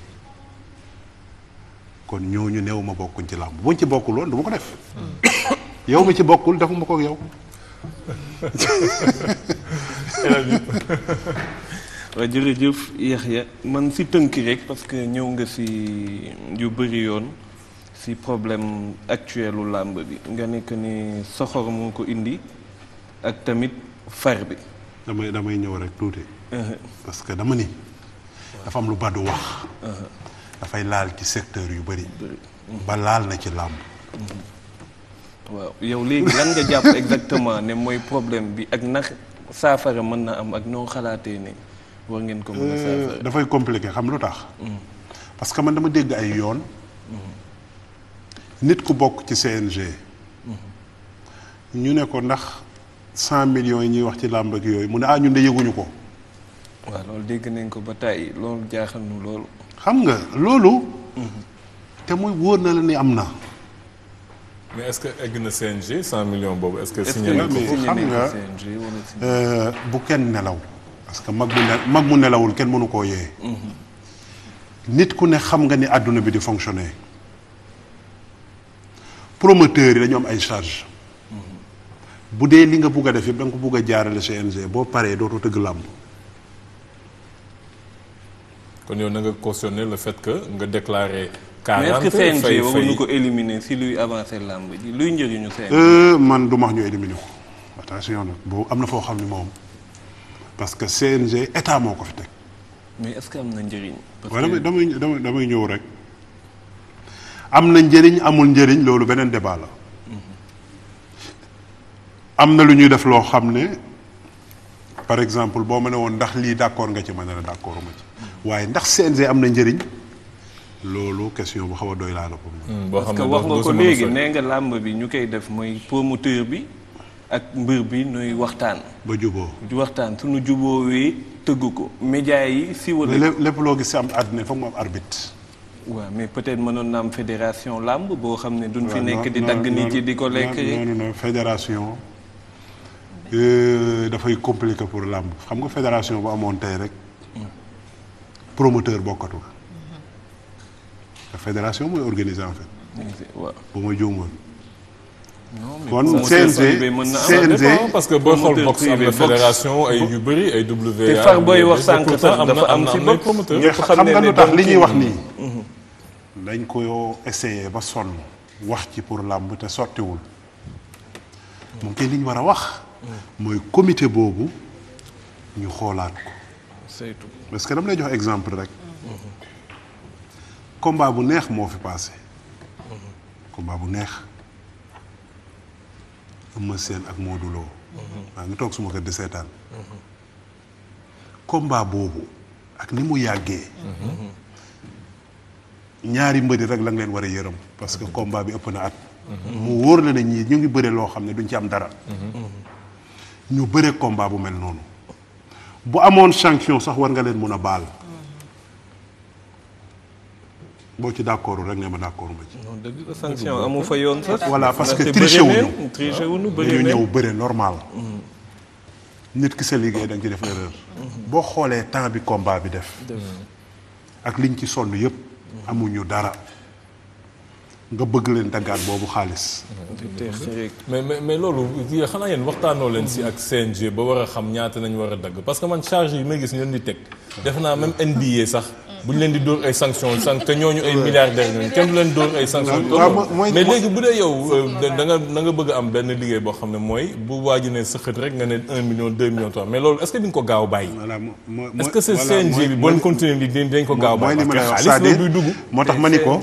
S2: kon ñooñu néew ma bokkuñ ci làmb bu ñu ci bokkul woon du ma ko def [coughs] yow mi ci bokkul defuma ko ak yow [laughs] waaw
S5: jërëjëf ya man si tënk rek parce que ñëw nga si yu bëri yoon si problème actuelu làmb bi nga ne que ni soxor moo ko indi
S2: ak tamit far bi. damay damay ñëw rek tuuti. Uh-huh. parce que dama ni. dafa am lu Badou wax. Uh-huh. dafay laal ci secteur yu bëri. Uh-huh. ba laal na ci làmb. waaw yow léegi lan nga jàpp exactement
S5: ne mooy problème bi ak nax saafara mën na am ak noo xalaatee ne. war ngeen
S2: ko mën euh, dafay compliqué xam lu tax. Mm. parce que man dama dégg ay yoon. Mm. nit ku bokk ci CNG. Mm. ñu ne ko ndax cent millions yi ñuy wax ci làmb yooyu mu ne ah ñun de yëguñu ko. waaw loolu
S5: dégg nañ ko ba tàyyi loolu jaaxal nu loolu.
S2: xam nga loolu. Mm-hmm. te muy wóor na la ni am na.
S1: mais est que egg na CNG cent millions boobu est-ce que. signé na ko xam nga
S2: euh, bu kenn nelaw. parce que mag mu ne mag mu nelawul kenn mënu koo yee. nit ku ne xam nga ni àdduna bi di fonctionner promoteurs yi dañu am ay charge bu dee li nga bugg a def yëpp da nga bugg a jaarale CNG boo paree dootoo tëgg làmb.
S1: kon yow na nga cautionné le fait que nga déclaré. 40 mais
S2: est
S5: ko éliminer si luy avancer làmb ji
S2: euh, man du max ñu éliminer ko attention nag boobu am na foo xam ne moom. parce que CNG état moo ko fi teg.
S5: mais est-ce que am na njëriñ. parce que
S2: damay damay damay ñëw rek am na njëriñ amul njëriñ loolu beneen débat la. Mhm. am na lu ñuy def loo xam ne par exemple boo ma ne woon ndax lii d'accord nga ci ma ne la d'accord ci mhm. waaye ndax CNG am na njëriñ loolu question bu xaw dooy laa la
S3: hmm, ko. boo xam parce que wax nga ko léegi nee
S5: nga làmb bi ñu koy def mooy promoteur bi. ak mbër bi nuy waxtaan. ba juboo waxtaan suñu juboowee tëgg ko. média yi si wala. lépp loo gis am àdduna foog mu am arbitre. waaw mais peut-être mënoon na am fédération làmb boo xam ne duñ fi nekk di dagg nit yi di ko lekk non
S2: fédération euh, dafay compliqué pour làmb xam nga fédération bu amoon tey rek promoteur bokkatul mm-hmm. la fédération mooy organiser en fait bu ma juumoon
S3: kon CNG
S2: CNG parce que booy xool box am na fédération ay yu bëri ay WA. te far booy wax sànq sax dafa am ci xam nga lu tax li ñuy wax nii. dañ ko essayé ba sonn wax ci pour làmb te sottiwul moom kay li war a wax. mooy comité boobu ñu xoolaat ko. saytu parce que dama lay jox exemple rek. combat bu neex moo fi passé. Mhm. combat bu neex. Eumeu Sène ak Modou Lo. maa mhm. ngi toog suma kër di seetaan. combat boobu ak ni mu yàggee. Mhm. ñaari mbëri rek la leen war a yërëm parce que mhm. combat bi ëpp na at. mu wóor la ne ñii ñu ngi bëre loo xam ne duñ ci am dara. ñu bëre combat bu mel noonu. bu amoon sanction sax war nga leen mun a baal. boo ci d' accord rek ne ma d' accord ma ci. non dëgg
S5: la yoon sax. voilà parce que triché wu ñu triché wu ñu bëri ñëw bëri
S2: normal. Mm-hmm. nit ki sa liggéey da ci def erreur. Mm-hmm. boo xoolee temps bi combat bi def. ak liñ ci sonn yëpp. Mm-hmm. amuñu dara. nga bëgg leen daggaat boobu xaalis.
S1: mais mais mais loolu xanaa yéen waxtaanoo leen si ak CNG ba war a xam ñaata nañu war a dagg parce que man charge yi may gis ñoom di teg. def naa même NBA sax. bu ñu leen di dóor ay sanctions san te ñooñu ay milliardaires ñooñu kenn du leen dóor ay sanctions mais léegi bu dee yow euh, da nga nga bëgg am benn liggéey boo xam ne mooy bu waaji ne sëxët rek nga ne 1 million 2 millions 3 mais loolu est-ce que gaaw bàyyi est-ce que c'est CNG dañ ko gaaw bàyyi parce que dugg moo tax ma ni ko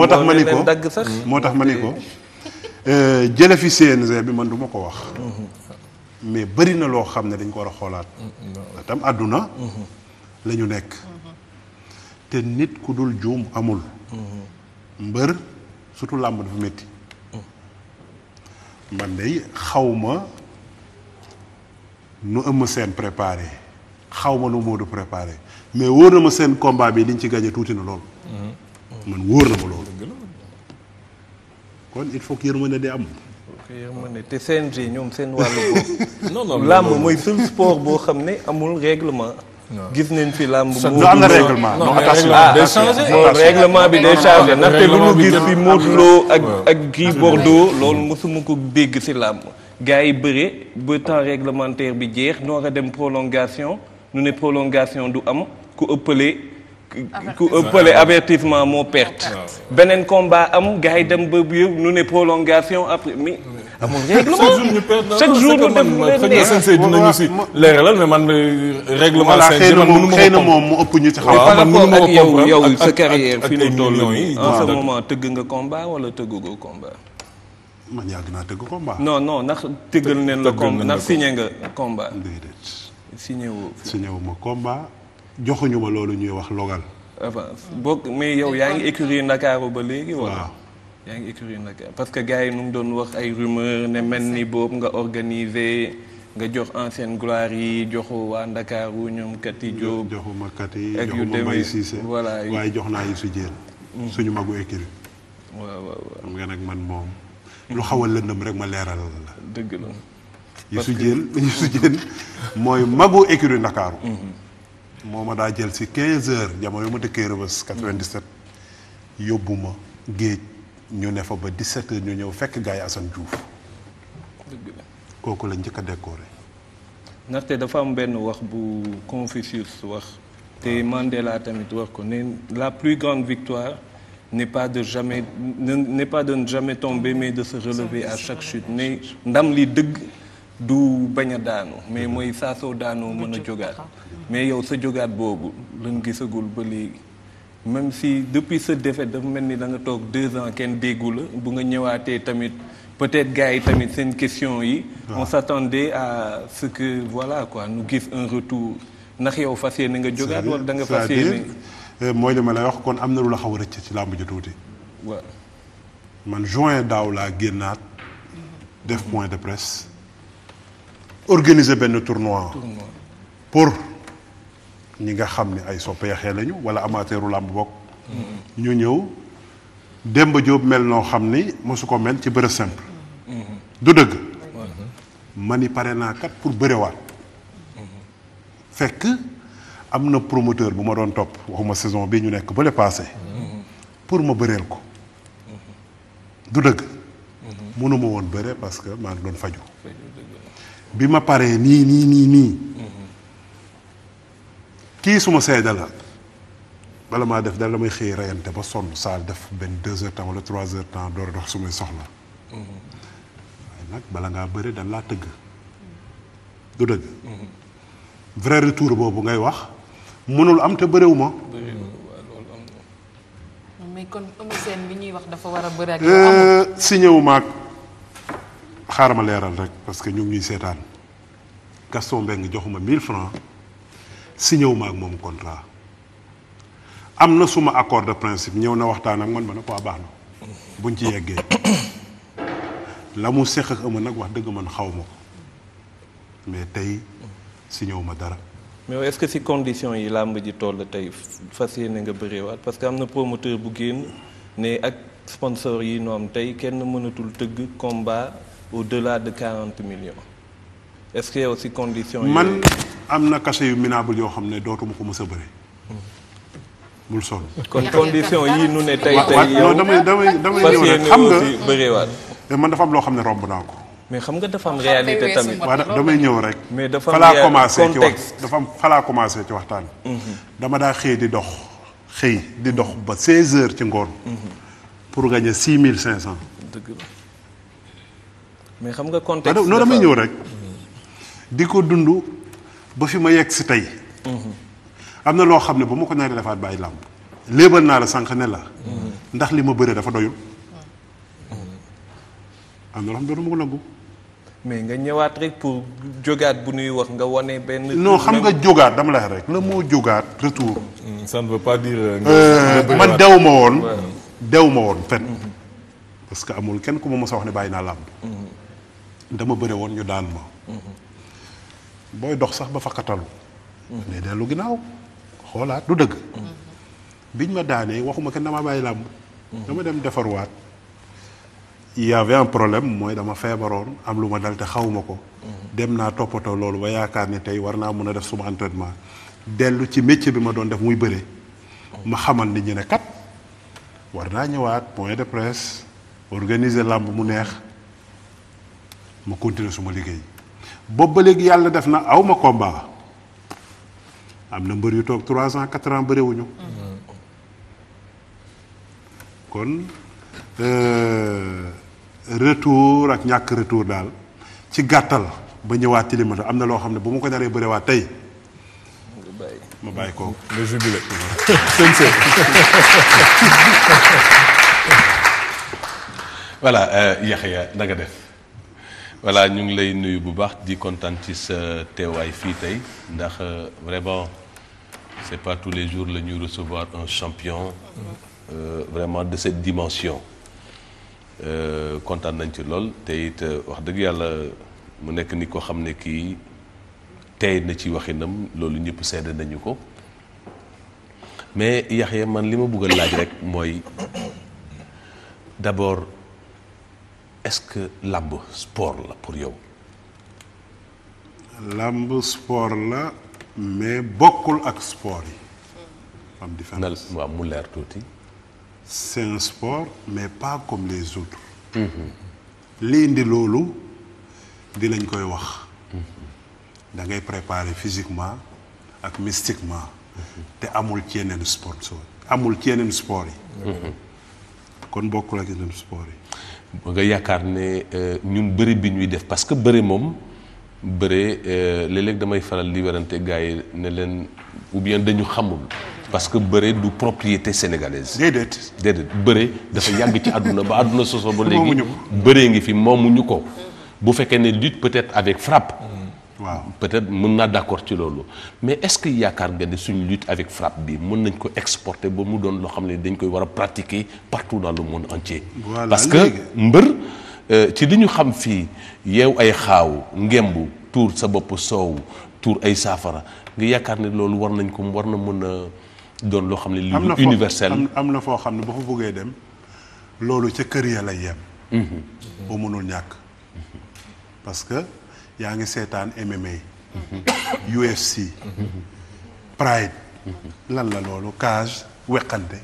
S1: moo
S2: tax ma ni ko moo tax ma euh, ni ko jële fi CNG bi man du ma ko wax mm-hmm. mais bëri na loo xam ne dañ ko war a xoolaat mm-hmm. tam àdduna mm-hmm. la ñu nekk te nit ku dul jum amul. Mm-hmm. mbër surtout làmb dafa metti mm-hmm. man de xawma nu ëmm seen préparé xawma nu Modou préparé mais wóor na ma seen combat bi liñ ci gagné tuuti na lool. Mm-hmm. man wóor na ma lool.
S5: kon il faut que yërmande di am. yërmande te seen wàllu [laughs] làmb mooy seul boo xam ne amul règlement. gis nañ fi làmb Modou Lo am na règlement non ah, bi day changé ndaxte lu ñu gis fi Modou Lo ak Gris Bordeaux loolu mosuma ko dégg si làmb gars yi bëre ba temps réglementaire bi jeex noo a dem prolongation nu ne prolongation du am ku ëppale ku ëppale avertissement moo perte beneen combat am gars yi dem ba biir nu ne prolongation après mais amul ah règlement
S2: chaque si
S1: leeralal mais man euh, règlement CNG man ma ko xëy na moom
S2: mu ëpp ñu ci ah, xam man mënu ma ko yow yow sa
S1: carrière fi mu toll nii en ce moment
S5: tëgg nga combat wala tëggugoo combat man yàgg naa tëgg combat non non ndax tëggal neen la combat ndax signé nga combat
S2: déedéet signé wu signé wu ma joxuñu ma loolu ñuy wax logal
S5: avance bokk mais yow yaa ngi écurie Ndakaaru ba léegi wala yaa ngi parce que gars yi nu mu doon wax ay rumeur ne mel ni boobu nga organiser nga jox ancienne gloire yi joxu waa Ndakaaru ñoom Kati Diop.
S2: joxuma Kati voilà waaye jox naa yi su jéem. suñu magu écurie. moom. xaw a lëndëm ma leeral dëgg la. parce que [laughs] Youssou Dieng mm-hmm. ma daa jël si 15 heures jamono yu ma dëkkee Rebeuss 97. yóbbu ma géej. ñu ne fa ba 17 ñu ñëw fekk gars yi Assane Diouf. kooku la njëkk a décoré.
S5: ndaxte dafa am benn wax bu Confucius wax. te ah. Mandela tamit wax ko ne la plus grande victoire. n'est pas de jamais n'est pas de ne jamais tomber mais de se relever à chaque chute ne ndam li dëgg du bañ a daanu mais mooy saa soo daanoo mën a jógaat mais yow sa jogaat boobu lañ gisagul ba léegi même si depuis sa défaite dafa mel ni da nga toog deux ans kenn déggu la bu nga ñëwaatee tamit peut-être gars yi tamit seen question yi. on s'attendait à ce que voilà quoi nu gis un retour nax yow fas ni nga jógaat wala da nga fas
S2: euh, mooy li ma lay wax kon am na lu la xaw a rëcc ci làmb ji tuuti. waaw man juin daaw laa génnaat def point de presse organiser benn tournoi. tournoi pour. ñi nga xam ne ay soppeexee lañu wala amateuru làmb bokk ñu ñëw Demba Diop mel noo xam ni mosu ko mel ci bëre simple du dëgg ma ni pare naa kat pour bërewaat fekk am na promoteur bu ma doon topp waxuma saison bi ñu nekk ba le pour ma bëreel ko du dëgg mënuma woon bëre parce que maa ngi doon faju bi ma paree nii nii nii nii kii suma seede bala maa def dara damay xëy reyante ba sonn saa def benn deux heures temps wala trois heures temps door dox sumay soxla
S3: mm-hmm. waaye nag
S2: bala ngaa bëri dañ laa tëgg du dëgg mm-hmm. vrai retour boobu ngay wax mënul am te bëriwuma
S4: mais kon Eumeu euh,
S2: si ñëw xaaral ma leeral rek parce que ñu ngi ñuy seetaan Gaston Mbengue joxuma 1000 francs signé wu ma ak moom contrat am na suma accord de principe ñëw na waxtaan ak man ma ne ko ah, baax na buñ ci yeggee [coughs] la mu seq ak nag wax dëgg man xaw ma ko mais tey signé wu ma dara.
S5: mais est-ce que si condition yi làmb ji toll tey fas yéene nga bëreewaat parce que am na promoteur bu génn ne ak sponsor yi ñu am tey kenn mënatul tëgg combat au-delà de 40 millions
S2: est-ce que yow si condition yi man am na cachet yu minable yoo xam ne dootuma ko mës a bëri. bul sonn. kon
S5: condition yi nu ne tey tey yow damay damay damay ñëw rek xam
S2: nga man am loo xam ne romb naa ko.
S5: mais xam nga dafa am réalité tamit. waaw
S2: ñëw rek. mais dafa am commencé ci wax dafa ci waxtaan. Mhm. dama daa xëy di dox. xëy di dox ba 16 heures ci ngoon. Mhm. pour gagner 6500. dëgg la
S5: mais xam nga contexte. Ah, non damay ñëw rek.
S2: di ko dund. ba fi ma yegg si tey. am na loo xam ne ba ma ko naree defaat bàyyi làmb léebal naa la sànq ne la. ndax li ma bëre dafa doyul. am na loo xam ne ko nangu. mais nga
S5: ñëwaat rek jógaat bu nuy wax nga wane benn. non xam
S2: nga jógaat dama lay rek. la moo jógaat retour. Hmm, ça ne veut euh, euh, man dew ma woon. dew ma woon fen mhm. parce que amul kenn ku ma mës wax ne bàyyi naa làmb mhm. dama bëre woon ñu daan ma. Mhm. booy dox sax ba fakkatalu ne dellu ginnaaw xoolaat du dëgg biñ ma daanee waxuma kenn dama bàyyi làmb dama dem defaruwaat il y problème mooy dama feebaroon am lu ma dal te xawma ko dem naa toppatoo loolu ba yaakaar ni tey war naa mën a def suma entraînement dellu ci métier bi ma doon def muy bëre ma xamal nit ñi ne kat war naa ñëwaat point de presse organiser làmb mu neex ma continuer suma liggéey boobu ba léegi yàlla def na awma combat am na mbër yu toog trois ans quatre ans bëriwuñu kon euh, retour ak ñàkk retour daal ci gàttal ba ñëwaat ci li am na loo xam ne bu ma ko naree bëriwaat tey ma bàyyi
S6: ko [laughs] euh, nga jubilé voilà def voilà ñu ngi lay nuyu bu baax di kontaan ci sa teewaay fii tey ndax euh, vraiment c'est pas tous les jours la ñuy recevoir un champion euh, vraiment de cette dimension euh, kontaan nañ ci lool te it wax dëgg yàlla mu nekk ni ko xam ne kii tey na ci waxinam loolu ñëpp sedd nañu ko mais Yaxya man li ma bëgg laaj rek mooy d'abord est-ce que làmb sport la pour yow.
S2: làmb sport la mais bokkul ak sport yi. Hmm. am différence mu leer tuuti. c'est un sport mais pas comme les autres. Mm-hmm. li indi loolu di lañ koy wax. Mm-hmm. da ngay préparer physiquement ak mystiquement. Mm-hmm. te amul yeneen sport amul ci yeneen sport yi. kon bokkul ak yeneen sport yi.
S6: nga yaakaar ne euh, ñun bëri bi ñuy def parce que bëri moom bëre euh, léeg-léeg damay faral di werante gars yi ne leen ou bien dañu xamul parce que bëre du propriété sénégalaise. déedéet déedéet bëre dafa yàgg ci àdduna ba àdduna soso ba léegi. moomuñu bëree ngi fi moomuñu ko. bu fekkee ne lutte peut-être avec frappe. Mm. waaw peut-être mën naa d'accord ci loolu mais est-ce que yaakaar nga ne suñu lutte avec frappe bi mën nañ ko exporter ba mu doon loo xam ne dañ koy war a pratiquer partout dans le monde entier. parce que mbër euh, ci li ñu xam fii yeew ay xaaw ngemb tuur sa bopp soow tuur ay saafara nga yaakaar ne loolu war nañ ko war na mën a doon loo xam ne. lu universel
S2: am na foo xam ne ba fa bëggee dem loolu ca kër ya lay yem.
S3: Mhm.
S6: ba
S2: mënul ñàkk parce que. yaa ngi seetaan MMA. UFC. Pride. lan la loolu cage weqante.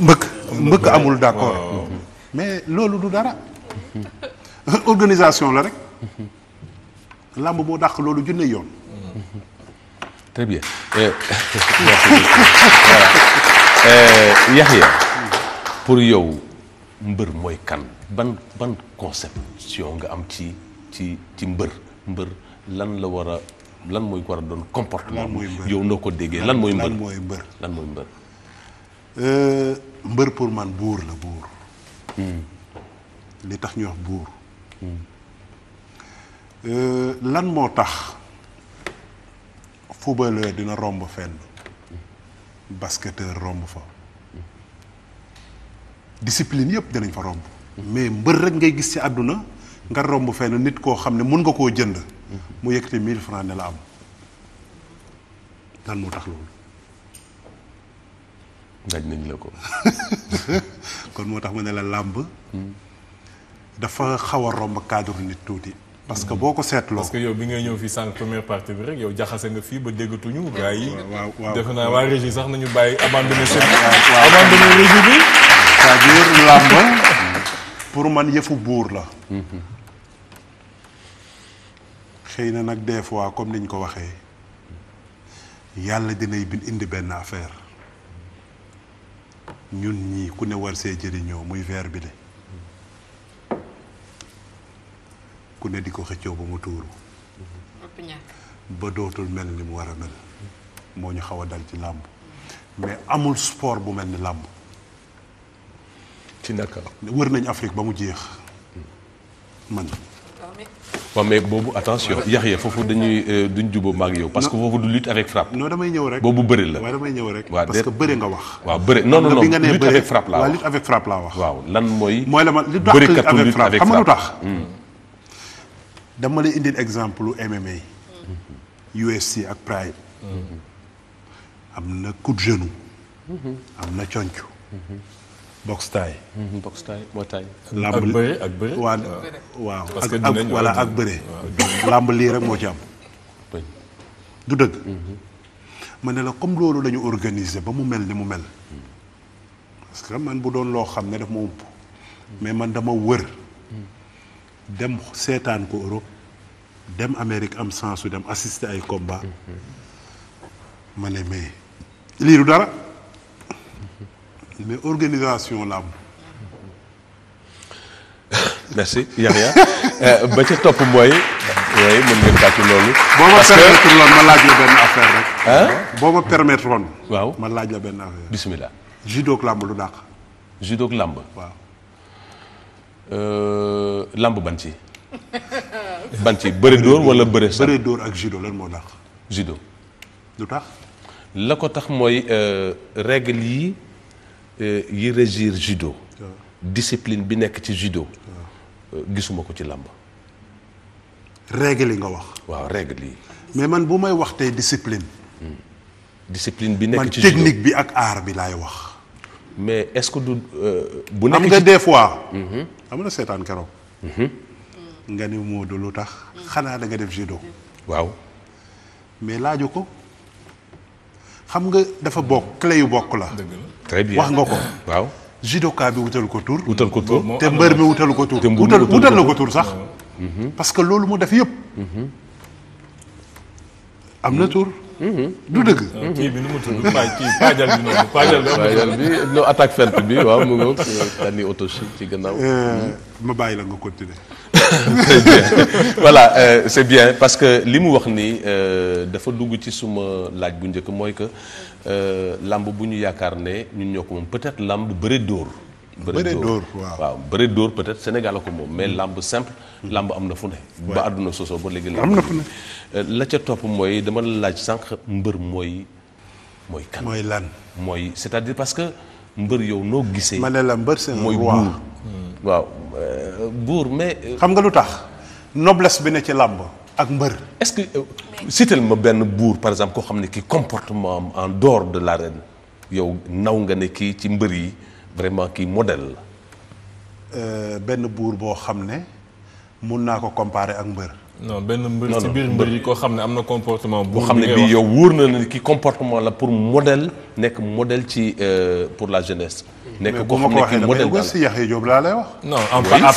S2: mbëkk mbëkk amul
S6: d'accord.
S2: mais loolu du dara. organisation la rek. làmb boo dàq loolu junne yoon.
S6: très bien. Euh, [laughs] euh, Yaxya pour yow mbër mooy kan ban ban conception nga am ci. ci ci mbër mbër lan la war a lan mooy war a doon comportement yow noo ko déggee lan mooy mbër mooy mbër lan mooy euh,
S2: mbër pour man buur la buur hmm. li tax ñu wax buur hmm. euh, lan moo tax footballeur dina romb fenn basketteur romb fa discipline yëpp dinañ fa romb hmm. mais mbër rek ngay gis ci àdduna nga romb fenn nit koo xam ne mun nga koo jënd mu yëkkati 1000 francs ne la am lan moo tax loolu daj nañ la ko [laughs] kon moo tax mu ne la làmb dafa xaw a romb cadre nit tuuti parce que boo ko seetloo. parce
S1: que yow bi ngay ñëw fii sànq première partie bi rek yow jaxase nga fii ba déggatuñu. gars
S2: yi waaw waaw defe naa waa régie sax nañu bàyyi abandonné seen. waaw abandonné régie bi. c'est-à-dire làmb pour man yëfu buur la. Mhm. xëy na nag des fois comme ni ñu ko waxee yàlla dinay bin indi benn affaire ñun ñii ku ne war see jëriñoo muy verre bi le ku ne di ko xëccoo ba mu tuuru ba dootul mel ni mu war a mel moo ñu xaw a dal ci làmb mais amul spoor bu mel ni làmb ci naka wër nañ Afrique ba mu jeex
S6: man waaw mais boobu attention yax ya foofu dañuy euh, duñ juboo maag yow. parce que foofu du lutte avec frappe. non
S2: damay ñëw rek boobu bëri la. waaw damay ñëw rek parce que bëri nga wax. waaw bëri non non non lutte avec frappe laa wax lutte avec frappe laa wax.
S6: waaw lan mooy.
S2: mooy la ma li dox lutte avec frappe xam nga lu tax. Hmm. dama lay indil exemple lu MMA. UFC ak Pride. Hmm. am na coup de genou. Hmm. am na conc. boxe taille.
S6: Mhm, boxe taille mbootaay. làmb ak bëre waaw parce que ak voilà
S2: ak bëre. lii rek moo ci am. du dëgg. Mhm. ma ne la comme loolu lañu ñu organiser ba mu mel ni mu mel. parce que man bu doon loo xam ne daf ma ump. mais man dama wër. Mhm. dem seetaan ko Europe. dem Amérique am sens su dem assister ay combat ma ne mais lii du dara. mais organisation làmb
S6: [laughs] merci Yahya euh, ba ca topp mooy. oui mën ngeen tàcc loolu. boo ma permettre woon
S2: ma laaj la benn affaire rek.
S6: boo ma permettre waaw ma laaj la benn affaire. bismillah judook làmb làmb. ban ci. ban ci bëre dóor wala bëre. bëre dóor ak judo lan moo dàq. judo. la ko tax mooy euh, règle yi. Euh, yi régir judo discipline bi nekk ci judo euh, gisuma ko ci làmb
S2: règle yi nga wax waaw règle yi mais man bu may wax
S6: tey discipline hmm. discipline bi nekk ci judo man technique
S2: bi ak aar bi laay wax mais est-ce que du euh, bu nekk am nga des fois mhm. am na seetaan keroog mhm. nga ni Modou lu tax hmm. xanaa da nga def judo waaw mais laaju ko xam nga dafa bokk clé yu bokk la. très bien wax nga ko. waaw judoka bi wutal ko tur. wutal ko tur te mbër mi wutal ko tur. te mbër mi wutal na ko tur sax. Mm-hmm. parce que loolu mu def yëpp. Mm-hmm. am na tur. du dëgg. Euh, kii bi nu mu tudd paa kii paajal bi noonu paajal bi. paajal bi fent bi waaw oto euh, si ci gannaaw. Euh, ma bàyyi la nga continuer. [laughs] très voilà
S6: euh, c'est bien parce que li mu wax ni dafa dugg ci suma laaj bu njëkk mooy que lamb bu ñu yaakaar ne ñun ñoo ko moom peut-être lamb bëre dóor. bëre dóor waaw bëre dóor peut-être Sénégal la ko moom mais làmb simple. làmb am na fu ne ba àdduna sosoo ba léegi am na euh, la ca topp mooy dama laaj sànq mbër mooy mooy kan mooy lan mooy c'est-à-dire parce que mbër yow noo gisee ma ne la mbër c'est un roi waaw euh, buur mais euh, xam nga lu tax noblesse bi ne ci làmb ak mbër est-ce que sital ma benn buur par exemple koo xam ne ki comportement en dehors de la l'arène yow naw nga ne kii ci mbër yi vraiment kii modèle
S2: la benn buur boo xam ne mun naa ko comparer ak mbër. benn mbër ci biir yi koo xam ne am na comportement. boo xam ne bii yow wóor
S6: na ne ki comportement la pour modèle nekk modèle ci euh, pour la jeunesse. nekk ko xam ne kii modèle daal mais bu ma ko waxee laa lay wax. non en à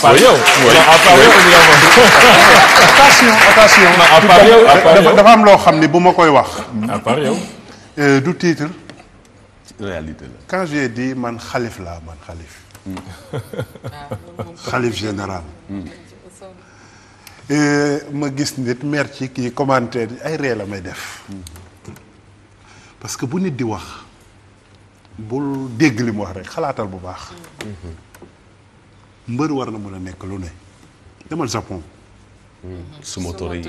S2: part yow. dafa am loo xam ni bu ma koy wax. à part yow. Euh, du titre. réalité la. quand man xalif laa man xalif. xalif mm. général. Mm. Euh, ma gis nit mer ci kii commentaire yi ay ree la may def parce que bu nit di wax bul dégg li mu wax rek xalaatal bu baax mbër war na mën a nekk lu ne demal Japon sumotor yi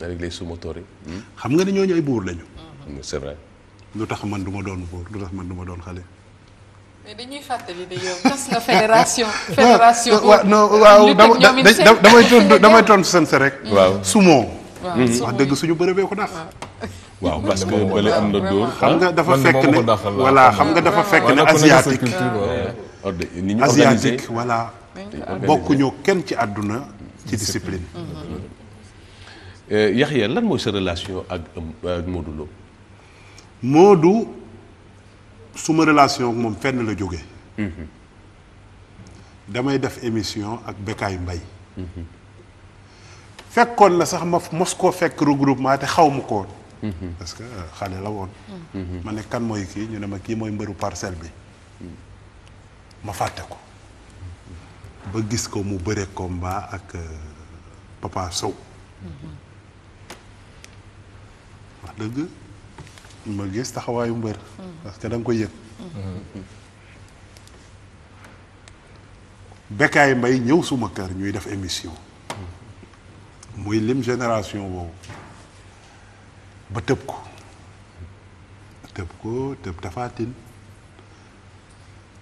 S2: avec les sumotor yi xam nga ne ñooñu ay buur lañu c'est vrai lu tax man du ma doon buur lu tax man du ma doon xale
S4: mais
S3: waaw damay tontu damay tontu sën
S6: rek. waaw sumo.
S3: wax
S2: dëgg suñu bërëbee ko dàq.
S6: waaw parce que bële am na dóor. xam nga dafa fekk ne voilà xam eh.
S2: eh. nga kenn ci àdduna ci discipline.
S6: Eh, Yaxya lan mooy sa relation ak ak
S2: Modou su ma relation ak moom fenn la jóge mhm. damay def émission ak Bécaye mbay mhm. fekkoon na sax ma mos koo fekk regroupement te xaw ma ko woon mhm. que euh, xale la woon ma ne mooy kii ñu ne ma kii mooy mbëru parcelle bi ma fàtte ko ba gis ko mu bëre combat ak euh, Papa Sow wax dëgg ma gis taxawaayu mbër. parce que da koy yëg. Bécaye Mbaye ñëw suma kër ñuy def émission. muy lim génération boobu ba tëb ko. tëb ko tëb tafaatin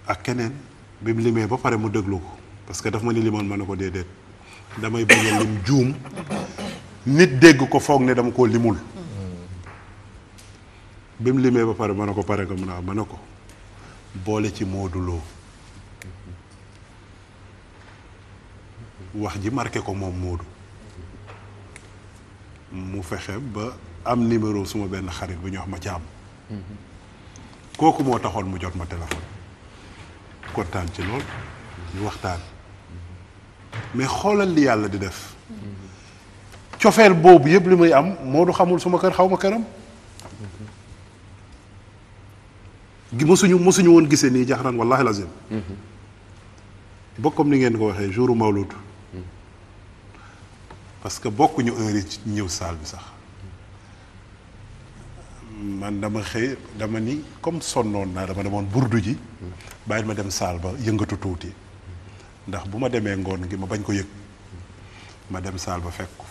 S2: ak keneen bi mu limee ba pare mu déglu ko parce que daf ma ni limoon ma ne ko déedéet damay bañ lim juum nit dégg ko foog ne dama koo limul. bi mu limee ba pare ma ne ko pare nga mun a ah, ma ne ko boole ci Modou Lo wax ji marqué ko moom Modou mu fexe ba am numéro suma benn xarit bu ñu wax ma ci am kooku moo taxoon mu jot ma téléphone kontaan ci lool ñu waxtaan mais xoolal li yàlla di def cofeel boobu yëpp li may am Modou xamul suma kër xaw ma këram mosuñu mosuñu woon gisee nii jaxaran wallahi lazim bokk comme ni ngeen ko waxee jouru mawlud parce que bokkuñu heure yi ñëw saal bi sax man dama xëy dama ni comme sonnoon naa dama demoon burdu ji bàyyil ma dem saal ba yëngatu tuuti ndax bu ma demee ngoon ngi ma bañ ko yëg ma dem saal ba fekk ko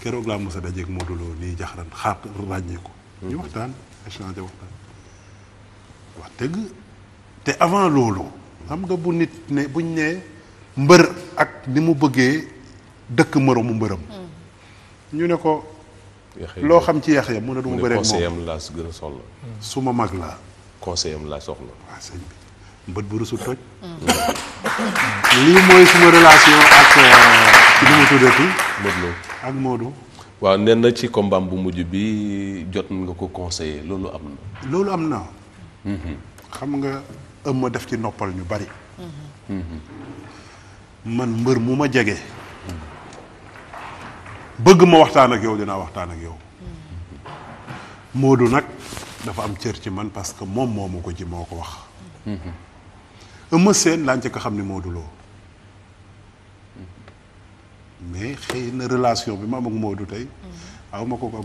S2: keroog laa mos a dajeeg Modou nii jaxaraan xaar ràññee ko ñu waxtaan échanger waxtaan te avant loolu xam nga bu nit ne buñ nee mbër ak ni mu bëggee dëkk moroomu mbërëm hmm. ñu ne ko loo xam ci yaxya mu ne du ma bëre moom conseil
S6: laa a soxla hmm. su ma mag la conseil laa soxla
S2: mbët bu rusu toj hmm. lii mooy suma relation ak ci
S6: nu ma tuddati ak Modou waaw nee na ci kombaam bu mujj bi jot nga ko conseiller loolu am na. loolu am na. Mhm.
S2: xam nga ëmma def ci noppal ñu bari. Mhm. Mhm. man mbër mu ma jege. bëgg ma waxtaan ak yow dinaa waxtaan ak yow. Modou nag dafa am cër ci man parce que moom moo ma ko ji moo ko wax. ëmma seen laa njëkk a xam ni Modou Lo. mais xëy na relation bi ma am ak Modou tey. aw ma ko ko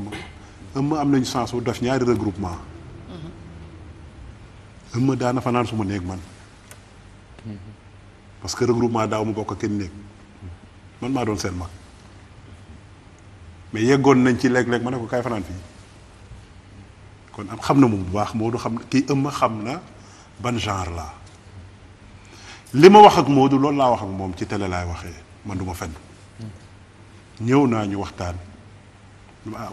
S2: am ma am nañu chance bu def ñaari regroupement. ëmma daana fanaan su ma néeg man. parce que regroupement daaw ma bokk kenn néeg man maa doon seen mag. mais yeggoon nañ ci léeg-léeg ma ne ko kaay fanaan fii kon am xam na moom bu baax moo Modou xam kii ëmma xam na ban genre laa. li ma wax ak Modou loolu laa wax ak moom ci télé laay waxee man du ma fenn. ñëw naa ñu waxtaan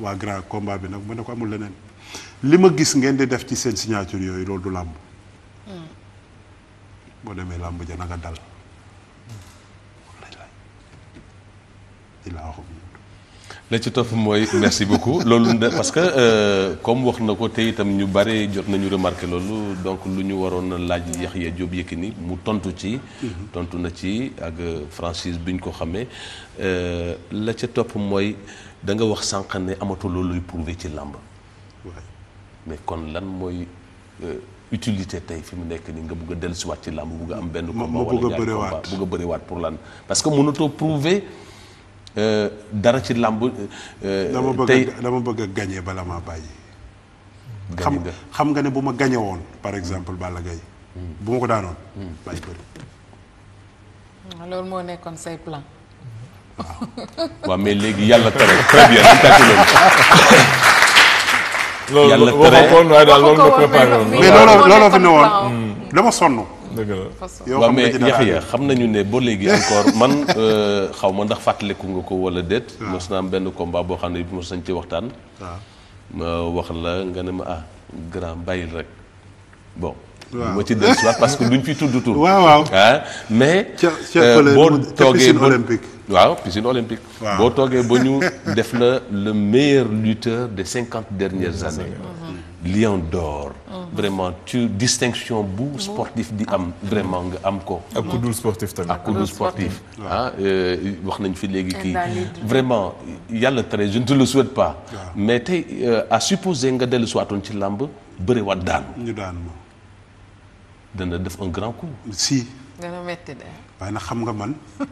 S2: waa grand combat bi nag mu ne ko amul leneen li ma gis ngeen di def ci seen signature yooyu loolu du làmb
S3: hmm.
S6: boo demee làmb ja na dal hmm. la ci topp mooy merci beaucoup loolu parce que euh, comme wax na ko te itam ñu bare jot nañu remarqué loolu donc lu ñu waroon a laaj Yaxya Jóob Yékini mu tontu ci. Mhm. tontu na ci ak franchise bi ñu ko xamee euh, la ca topp mooy danga wax sànq ne amatul loolu luy prouver ci làmb. mais kon lan mooy euh, utilité tey fi mu nekk nii nga bëgg a dellusiwaat ci làmb bëgg a am benn. combat wala bëgg a bëriwaat pour lan parce que mënatoo prouver. Euh, dara ci làmb dama euh, bëgg dama bëgg a gañe bala maa bàyyi
S2: xam nga ne bu ma gañe woon par exemple Balla Gaye bu ma ko daanoon hmm. bàyyi bëri
S4: hmm. loolu moo nekkoon say plan mais léegi yàlla tere [laughs] très bien
S6: looloo fi ne
S2: woon dama sonn dëgg la waaw mais
S6: xam nañu ne ba léegi encore [laughs] man euh, xaw ma ndax fàttaliku nga ko wala déet. mos na am benn combat boo xam ne mos nañ ci waxtaan. ma wax la nga ne ma ah, grand bàyyil rek bon. waaw ma ci dellu si parce que duñ fi tudd tur. waaw waaw ah, mais. Euh, boo toogee ba olympique. boo toogee ba ñu [laughs] def la le meilleur lutteur de cinquante dernières années mm-hmm. lion d'or oh. vraiment ci distinction bu oh. sportif di ah. am vraiment nga am ko ak ku dul sportif tamit ak ku dul sportif ah euh, wax nañ fi léegi kii vraiment yàlla tere je ne te le souhaite pas mais tey euh, à supposer nga dellu suwaatoon ci làmb bëri waat daan ñu daan ma dana def un grand coup si
S4: dana metti de
S6: waaye nag xam nga man [laughs]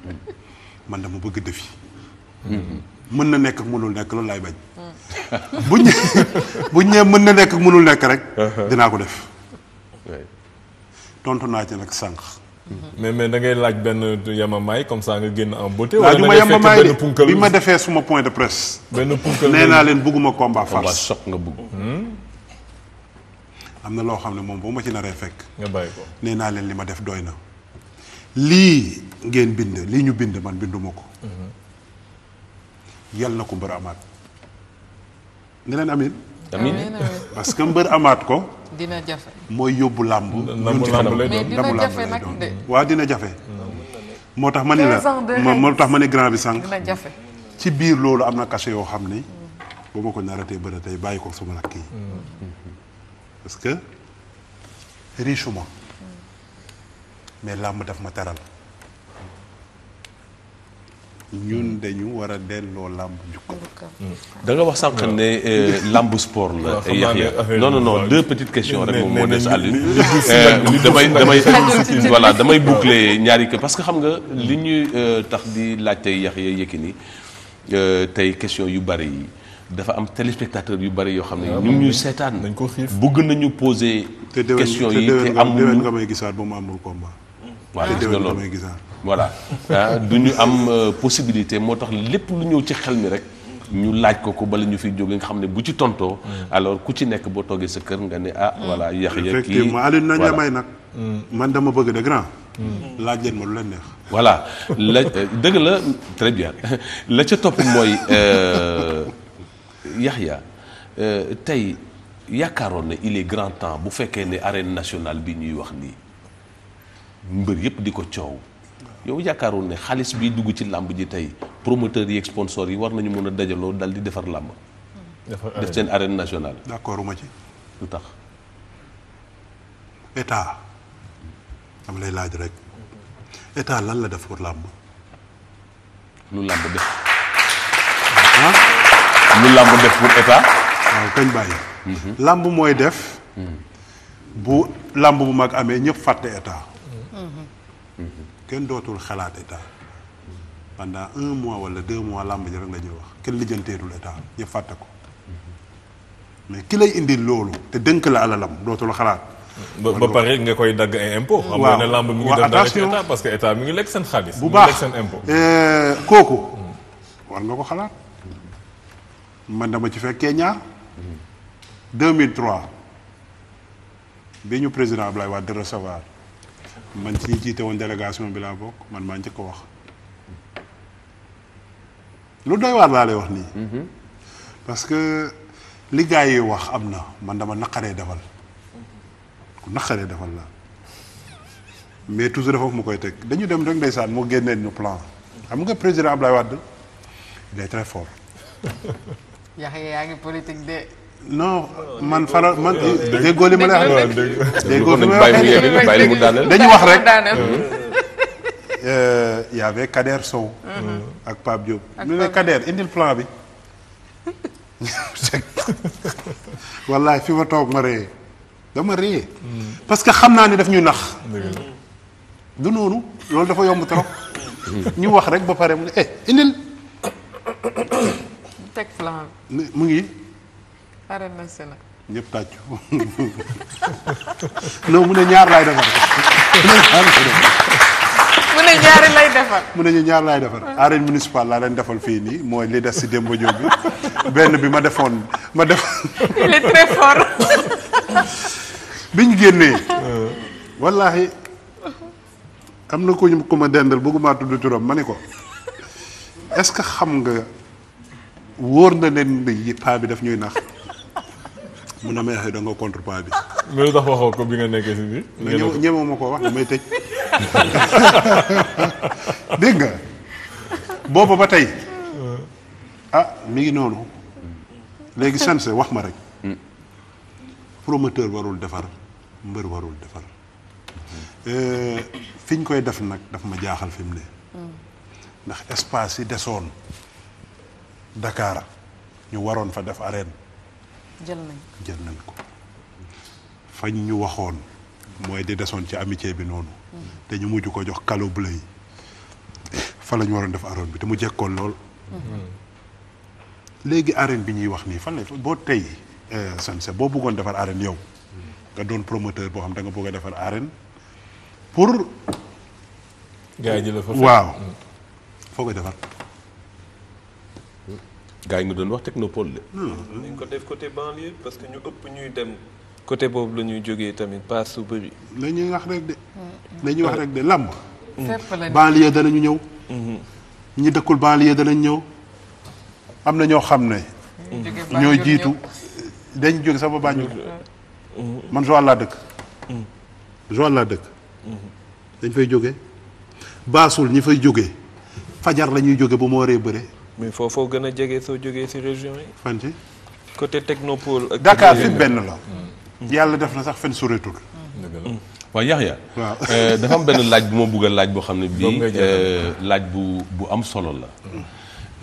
S6: man dama bëgg
S2: defi mm-hmm. mën na nekk ak mënul nekk loolu laay bañ. buñ [laughs] buñ mën na nekk ak mënul nekk rek. Uh-huh. dinaa ko def. tontu
S1: naa ci nag sànq. Mm-hmm. mais mais da ngay laaj benn yamamaay comme ça nga génn en beauté. wala da ngay fekk bi ma
S2: defee suma point de presse. benn punkal nee naa leen bugguma combat farce soq nga hmm? na loo xam ne moom boo ma ci naree fekk. nga ko nee naa leen li ma def doy na. lii ngeen bind lii ñu bind man binduma ko. Mm-hmm. yal na ko mbër amaat nga leen amin amiin que mbër amaat ko. dina jafe mooy yóbbu làmb. ndamu làmb dina jafe. moo tax ma ne la moo tax ma ne grand bi sànq. jafe ci biir loolu am na cachet yoo xam ni. ba ma ko naratee bëri tey bàyyi ko sama rakk yi. parce que riche mm. mais làmb daf ma taral. ñun dañu war a delloo làmb jukkal hmm. da nga wax sànq ne euh, làmb sport la. non non non deux petites questions rek moom moo des Aliou. damay damay
S6: voilà damay boucler ñaari kër parce que xam nga li ñuy euh, tax di laaj tey yax ya ni euh, tey question yu bari yi dafa am téléspectateur yu bari yoo xam ne ah, ñu ñuy
S1: seetaan. dañ ko xiif bëgg
S6: nañu poser. question yi te amuñu te déwén nga may gisaat ba mu amul combat.
S3: waaw ah, gis nga loolu ah.
S6: voilà ah, du ñu am euh, possibilité moo tax lépp lu ñëw ci xel mi rek ñu laaj ko ko bala ñu fiy jóge nga xam ne bu ci tontoo mm. alors ku ci nekk boo toogee sa kër nga ne ah mm. voilà yax ya kii effectivement may
S2: nag mm. man dama bëgg de grand laaj leen ma lu leen neex
S6: voilà la euh, dëgg la très bien [laughs] la ca topp mooy euh, Yaxya tey yaakaaroon na il est grand temps bu fekkee ne arène nationale bi ñuy wax nii mbër yëpp di ko coow. yow yaakaarul ne xaalis biy dugg ci làmb ji tey promoteurs yi ak yi war nañu mën a dajaloo dal di defar làmb. def seen arène nationale. d'accord ma lu tax.
S2: état dama lay laaj rek état lan la def pour làmb.
S6: lu làmb def. Ah? lu làmb def pour état. waaw kañ bàyyi.
S2: Mhm. làmb mooy def. Mhm. bu làmb bu mag amee ñëpp fàtte état. kenn dootul xalaat état pendant un mois wala deux mois làmb ji rek la ñuy wax kenn lijjanteetul état ñëpp fàtte ko mais ki lay indi loolu te dënk la alalam dootul xalaat. ba pare nga koy dagg ay impôt xam nga ne làmb mi ngi dem dara ci état bu baax seen impôt euh, kooku. ko xalaat man dama ci fekkee ñaar. 2003 mm-hmm. bi ñu président Ablaye Wade recevoir. man ci ñi jiite woon délégation bi laa bokk man maa njëkk ko wax lu doy waar laa lay wax nii. Mhm. parce que li gars yi wax am na man dama naqaree defal ku naqaree defal la mais toujours dafa mu koy teg dañu dem rek ndeysaan moo génnee ñu plan xam nga président lay Wade il est très fort.
S4: yaa ngi yaa ngi politique de.
S2: non man faral man euh, euh, déggoo li ma lay wax. déggoo li ma lay dañu wax rek. Euh, y avait Kader Sow.
S3: Mm-hmm.
S2: ak Pape Diop. ak Pape Diop indil plan bi. [laughs] wallaay fi ma toog ma rëyee dama rëyee. Mm. parce que xam naa ni daf ñu nax. du noonu loolu dafa yomb trop. ñu wax rek ba pare mu ne eh indil. mu ngi.
S4: arène nationale. ñëpp tàcc [laughs]
S2: non mu ne ñaar laay defar
S4: mu ne ñaari lay defar.
S2: mu ne ñaar laay defar arène municipal laa leen defal fii nii mooy li des si Demba Diop bi benn bi ma defoon ma def. [laughs] il
S3: est [laughs]
S2: biñ génnee. wallaahi am na ko ñu ko ma dendal bëgguma tudd turam ma ne ko est-ce que xam nga wóor na leen ni paa bi daf ñuy nax. mun na ma yaxee da nga contre pas bi. mais lu tax waxoo ko bi nga nekkee si biir. ñeme ñeme ma ko wax damay tëj. [laughs] dégg nga boobu ba tey ah mi ngi noonu léegi [laughs] sanse wax ma rek promoteur warul defar mbër warul defar mm. euh, fi ñu koy def nag daf ma jaaxal fi mu ne mm. ndax espace yi desoon Dakar ñu waroon fa def arène jël nañ ko jël fañ ñu waxoon mooy di desoon ci amitié bi noonu mm-hmm. te ñu mujj ko jox kalo bu lay fa la waroon def arène bi te mu jekkoon lool mm-hmm. léegi arène bi ñuy wax nii fan la boo tey euh, Sanekh boo buggoon defar arène yow mm-hmm. nga doon promoteur boo xam da nga bëgg a defar arène pour
S6: gars yi la fa waaw foo koy defar gaa yi nga doon wax technopole la.
S5: Hmm. nañ ko def côté banlieue parce que ñu ëpp ñuy dem côté boobu lañuy ñuy jógee tamit pas su bëri.
S2: nañuy wax rek de. Hmm, hmm. nañuy wax rek de làmb. banlieue danañu ñëw. ñi dëkkul banlieue danañ ñëw. am na ñoo xam ne. ñooy jiitu dañ jóge sama Banjul. man dëkk. Joal laa dëkk. dañ fay jóge baasul ñi fay jóge fajar lañuy jóge bu ma waree bëre.
S5: mais foofoo gën a jege soo jógee ci région yi. fan ci côté technopole. ak
S2: fi benn la. Hmm. Hmm. yàlla def na sax fen sureetul.
S6: Hmm. dëgg la waaw Yaxya [laughs] euh, dafa am benn laaj bu ma bugg laaj boo xam ne bii. Euh, laaj bu bu am solo la.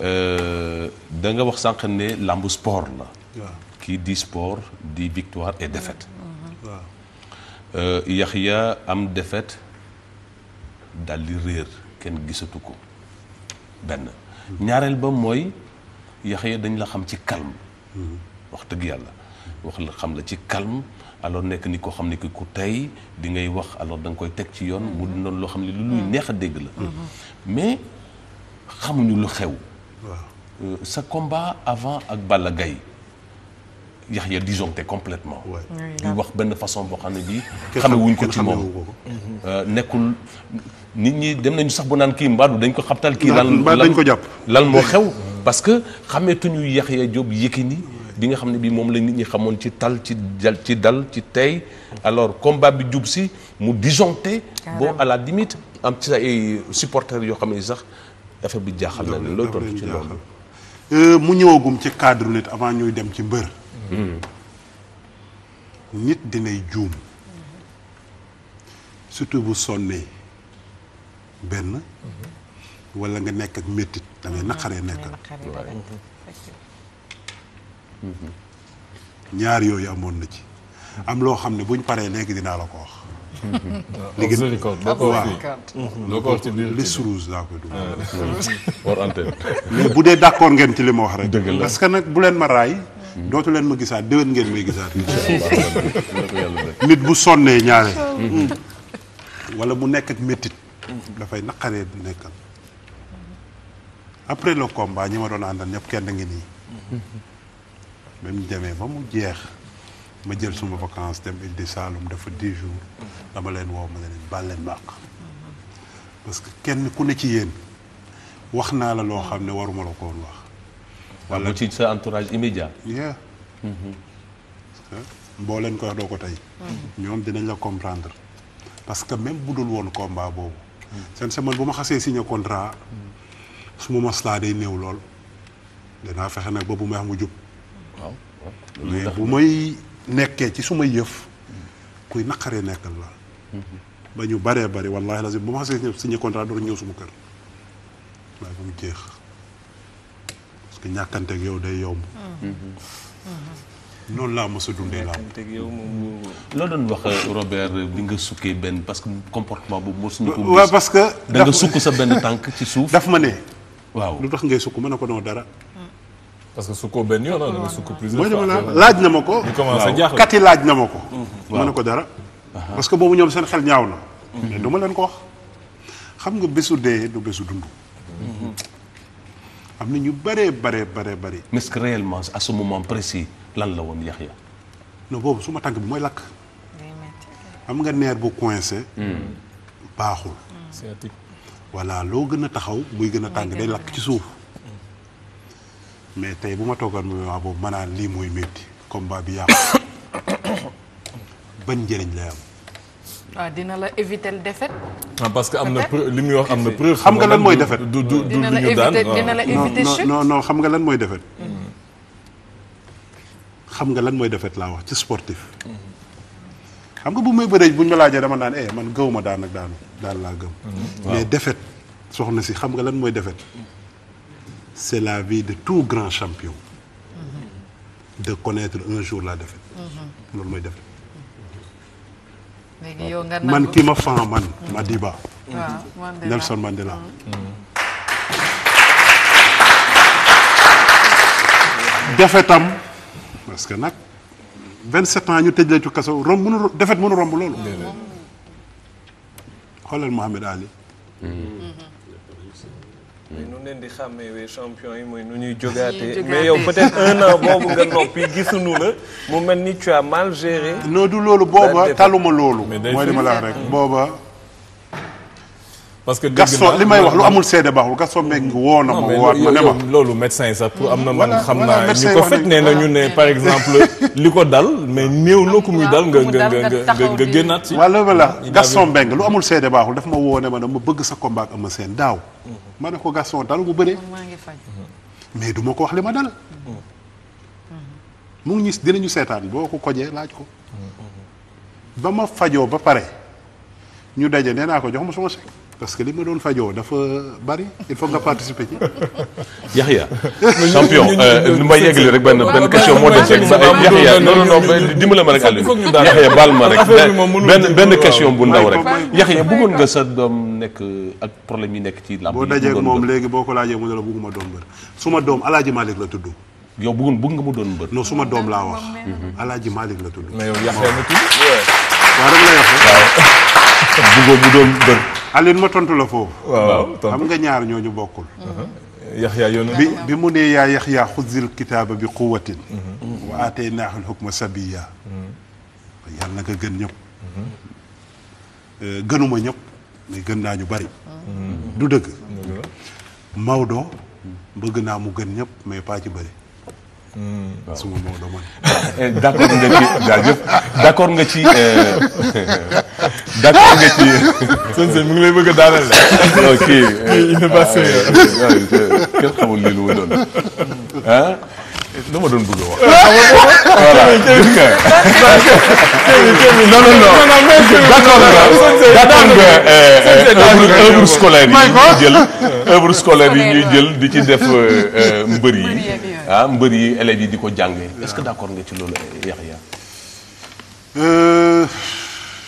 S6: Euh, wax sànq ne làmb sport la. kii di sport di victoire et défaite. Yaxya am défaite daal di réer kenn gisatu ko benn. ñaareel ba mooy Yaxya dañ la xam ci calme. Mm-hmm. wax dëgg yàlla wax la xam la ci calme alors nekk ni ko xam ne ki ku tey di ngay wax alors da koy teg ci yoon mu mm-hmm. doon loo xam ne lu luy mm-hmm. neex a dégg la. mais xamuñu lu xew. Euh, sa combat avant ak Balla Gaye Yaxya disjoncté complètement di wax benn façon boo xam ne bii. [laughs] xamewuñ ko ci moom euh, nekkul nit ñi dem nañu sax bu naan kii mbaadu dañ ko xabtal kii lan dañ ko jàpp lan moo xew parce que xameetuñu Yaxya Jóob Yékini bi nga xam ne bii moom la nit ñi xamoon ci tal ci dal ci dal ci tey alors combat bi jub si mu disjoncté boo à la limite am ci ay supporters yoo xam ne sax affaire bi jaaxal na leen looy
S3: tontu ci loolu
S6: euh, mu ñëwagum ci cadre nit avant ñuy dem ci mbër
S3: hmm.
S2: nit dinay juum surtout bu sonnee benn wala nga nekk ak méttit da ngay mm-hmm. naqaree nekkal mm-hmm. ñaar yooyu amoon na ci am loo xam ne buñ paree léegi dinaa la ko wax mm-hmm. léegi waaw liste rouge laa koy dugal ah, [laughs] mais bu dee d'accord ngeen ci li ma wax rek parce que nag bu leen ma raay dootu leen ma gisaat déwén ngeen may gisaat [laughs] nit bu sonnee ñaare [laughs] mm. wala mu nekk ak méttit dafay naqaree di nekkal après le combat ñi ma doon àndal ñëpp kenn ngi
S3: nii
S2: ba mu demee ba mu jeex ma jël suma vacance dem Île du Saloum dafa dix jours dama leen woo ma leen baal leen baax parce que kenn ku ne ci yéen wax naa la loo xam ne waruma la ko woon wax.
S6: wala ci sa entourage immédiat. yeah. parce
S2: que leen ko doo ko tey.
S3: Mm-hmm.
S2: ñoom dinañ la comprendre parce que même bu dul woon combat boobu. seen sa man bu ma xasee signé contrat hmm. su ma maslaa day néew lool danaa fexe nag ba bu may wax mu jub waaw mais bu may nekkee ci su may yëf hmm. kuy naqaree nekkal la hmm. ba ñu baree bari wallaahi lazim bu ma xasee signé contrat door ñëw suma kër waaye ba mu jeex
S6: parce que ñàkkanteeg yow day yomb loolu laa mos a dundee laa loo doon wax euh, Robert bi nga sukkee benn parce que comportement boobu moo suñu ko waaw parce que da nga sukk ma ne waaw lu tax
S2: ngay sukk mën a ko noo dara
S6: parce que sukkoo benn yoon ah,
S3: laaj na ma ko kati laaj na ma ko mën mhm. na ko dara parce
S2: que boobu ñoom seen xel ñaaw na mhm. mais ma leen ko wax xam nga bésu dee du bésu dund am na ñu bëree bëree bëree bëri.
S6: mais est-ce que réellement à ce moment précis lan la woon Yaxya.
S2: non boobu suma tànk bi mooy lakk. am nga neer bu coincé. Hmm. baaxul. Hmm. voilà loo gën a taxaw muy gën a tàng day lakk ci suuf. mais tey bu ma toogoon moment boobu ma lii mooy métti combat bi yàqu [coughs] ban njëriñ lay
S4: waaw ah, dina la éviter le
S2: ah, parce que am na li muy am na preuve. xam nga lan mooy défaite du du
S4: du ñu daan ah. dina la
S3: éviter chute
S2: xam nga lan mooy défaite.
S3: Mm-hmm.
S2: nga lan mooy défaite laa wax ci sportif. xam nga bu may bëree bu ñu ma laajee dama naan eh man gëw ma daan ak daanu daan laa gëm. Mm-hmm. mais defet soxna si xam nga lan mooy défaite. c'est la vie de tout grand champion.
S3: Mm-hmm.
S2: de connaître un jour la défaite. loolu mooy défaite.
S3: léegi yow man ki ma fan man Madiba. Mandela Nelson Mandela.
S2: Mm. defetam parce que nag 27 ans ñu tëj la ci kaso romb mënu defet mënu romb loolu. xoolal Mohamed Ali. Mm-hmm.
S5: mais nu leen di xàmmeewee champion yi mooy nu ñuy jógaatee mais yow peut-être un an boobu nga noppi gisuñu la mu
S2: mel ni tu as mal géré. non du loolu booba taluma loolu. mooy li ma la rek booba. parce que Gaston li may wax lu amul seede baaxul Gaston Mbengue ma
S1: loolu médecin yi sax pour am na na ñu ne exemple [laughs] li ko
S2: dal mais néew na ku muy dal nga nga nga génnaat si wala voilà Gaston Mbengue lu amul seede baaxul ma woo ne ma ne ma bëgg sa combat ak seen daaw mhm. ma ne ko Gaston dal mu bëree
S3: mhm.
S2: mais du ma ko wax li ma dal mhm. mu ngi ñu dinañu seetaan boo ko kojee laaj ko ba ma fajoo ba pare ñu daje nee naa ko jox ma sama chèque parce que li ma doon fajoo dafa bari il faut nga participer ci. [laughs] Yaxya [laughs] champion euh, nu may yeggali rek benn benn question moo des rek. Yaxya non
S6: non non dimbale ma rek benn benn question bu ndaw rek Yaxya bëggoon nga sa doom nekk ak problème yi nekk ci làmb yi. boo dajee ak moom léegi boo ko laajee mu ne la bëgguma doon mbër suma doom Alaaji Malick la tudd. yow bëggoon bëgg nga mu doon mbër. non suma doom laa wax. Mhm.
S2: Alaaji Malick la tudd. mais yow Yaxya la tudd.
S3: waaw [laughs]
S2: mu doon mbër. Aline ma tontu la foofu. xam nga ñaar ñooñu bokkul. Uh-huh. yaxya yoonu bi bi mu ne yaa yaxya xudzil kitaaba bi quwatin. Uh-huh. wa aatee naaxul sabiya. Uh-huh. yàlla na nga gën ñëpp. Eh, gënuma ñëpp mais gën naa ñu bari. du dëgg. Maodo bëgg naa mu gën ñëpp mais pas ci bari. suma d' accord nga ci jaajëf nga ci eh,
S6: [laughs] d'
S1: mu ngi lay bëgg a daaneel [laughs] la. ok eh, eh, innovation kenn xamul
S6: lii lu mu doon ah. lu doon bëgg
S3: wax. voilà nga. [laughs] non non yi ñuy jël
S1: œuvre scolaire yi ñuy jël di ci def
S6: mbër yi. ah mbër yi élèves yi di ko jàngee. est-ce que d'accord nga ci loolu Yaxya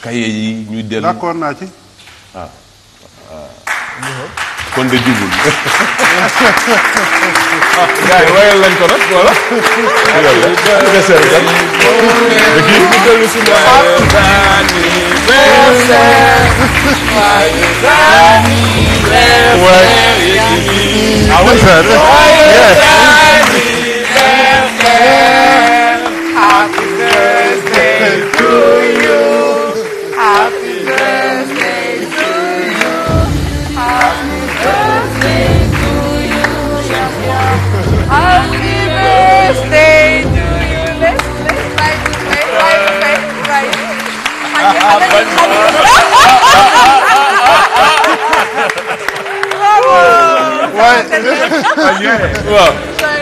S6: kaye yi ñuy dellu d'accord
S2: naa ci. ah
S6: kon de jubul.
S1: ah gars yi wayal lañ ko nag voilà. anniversaire
S3: Yeah.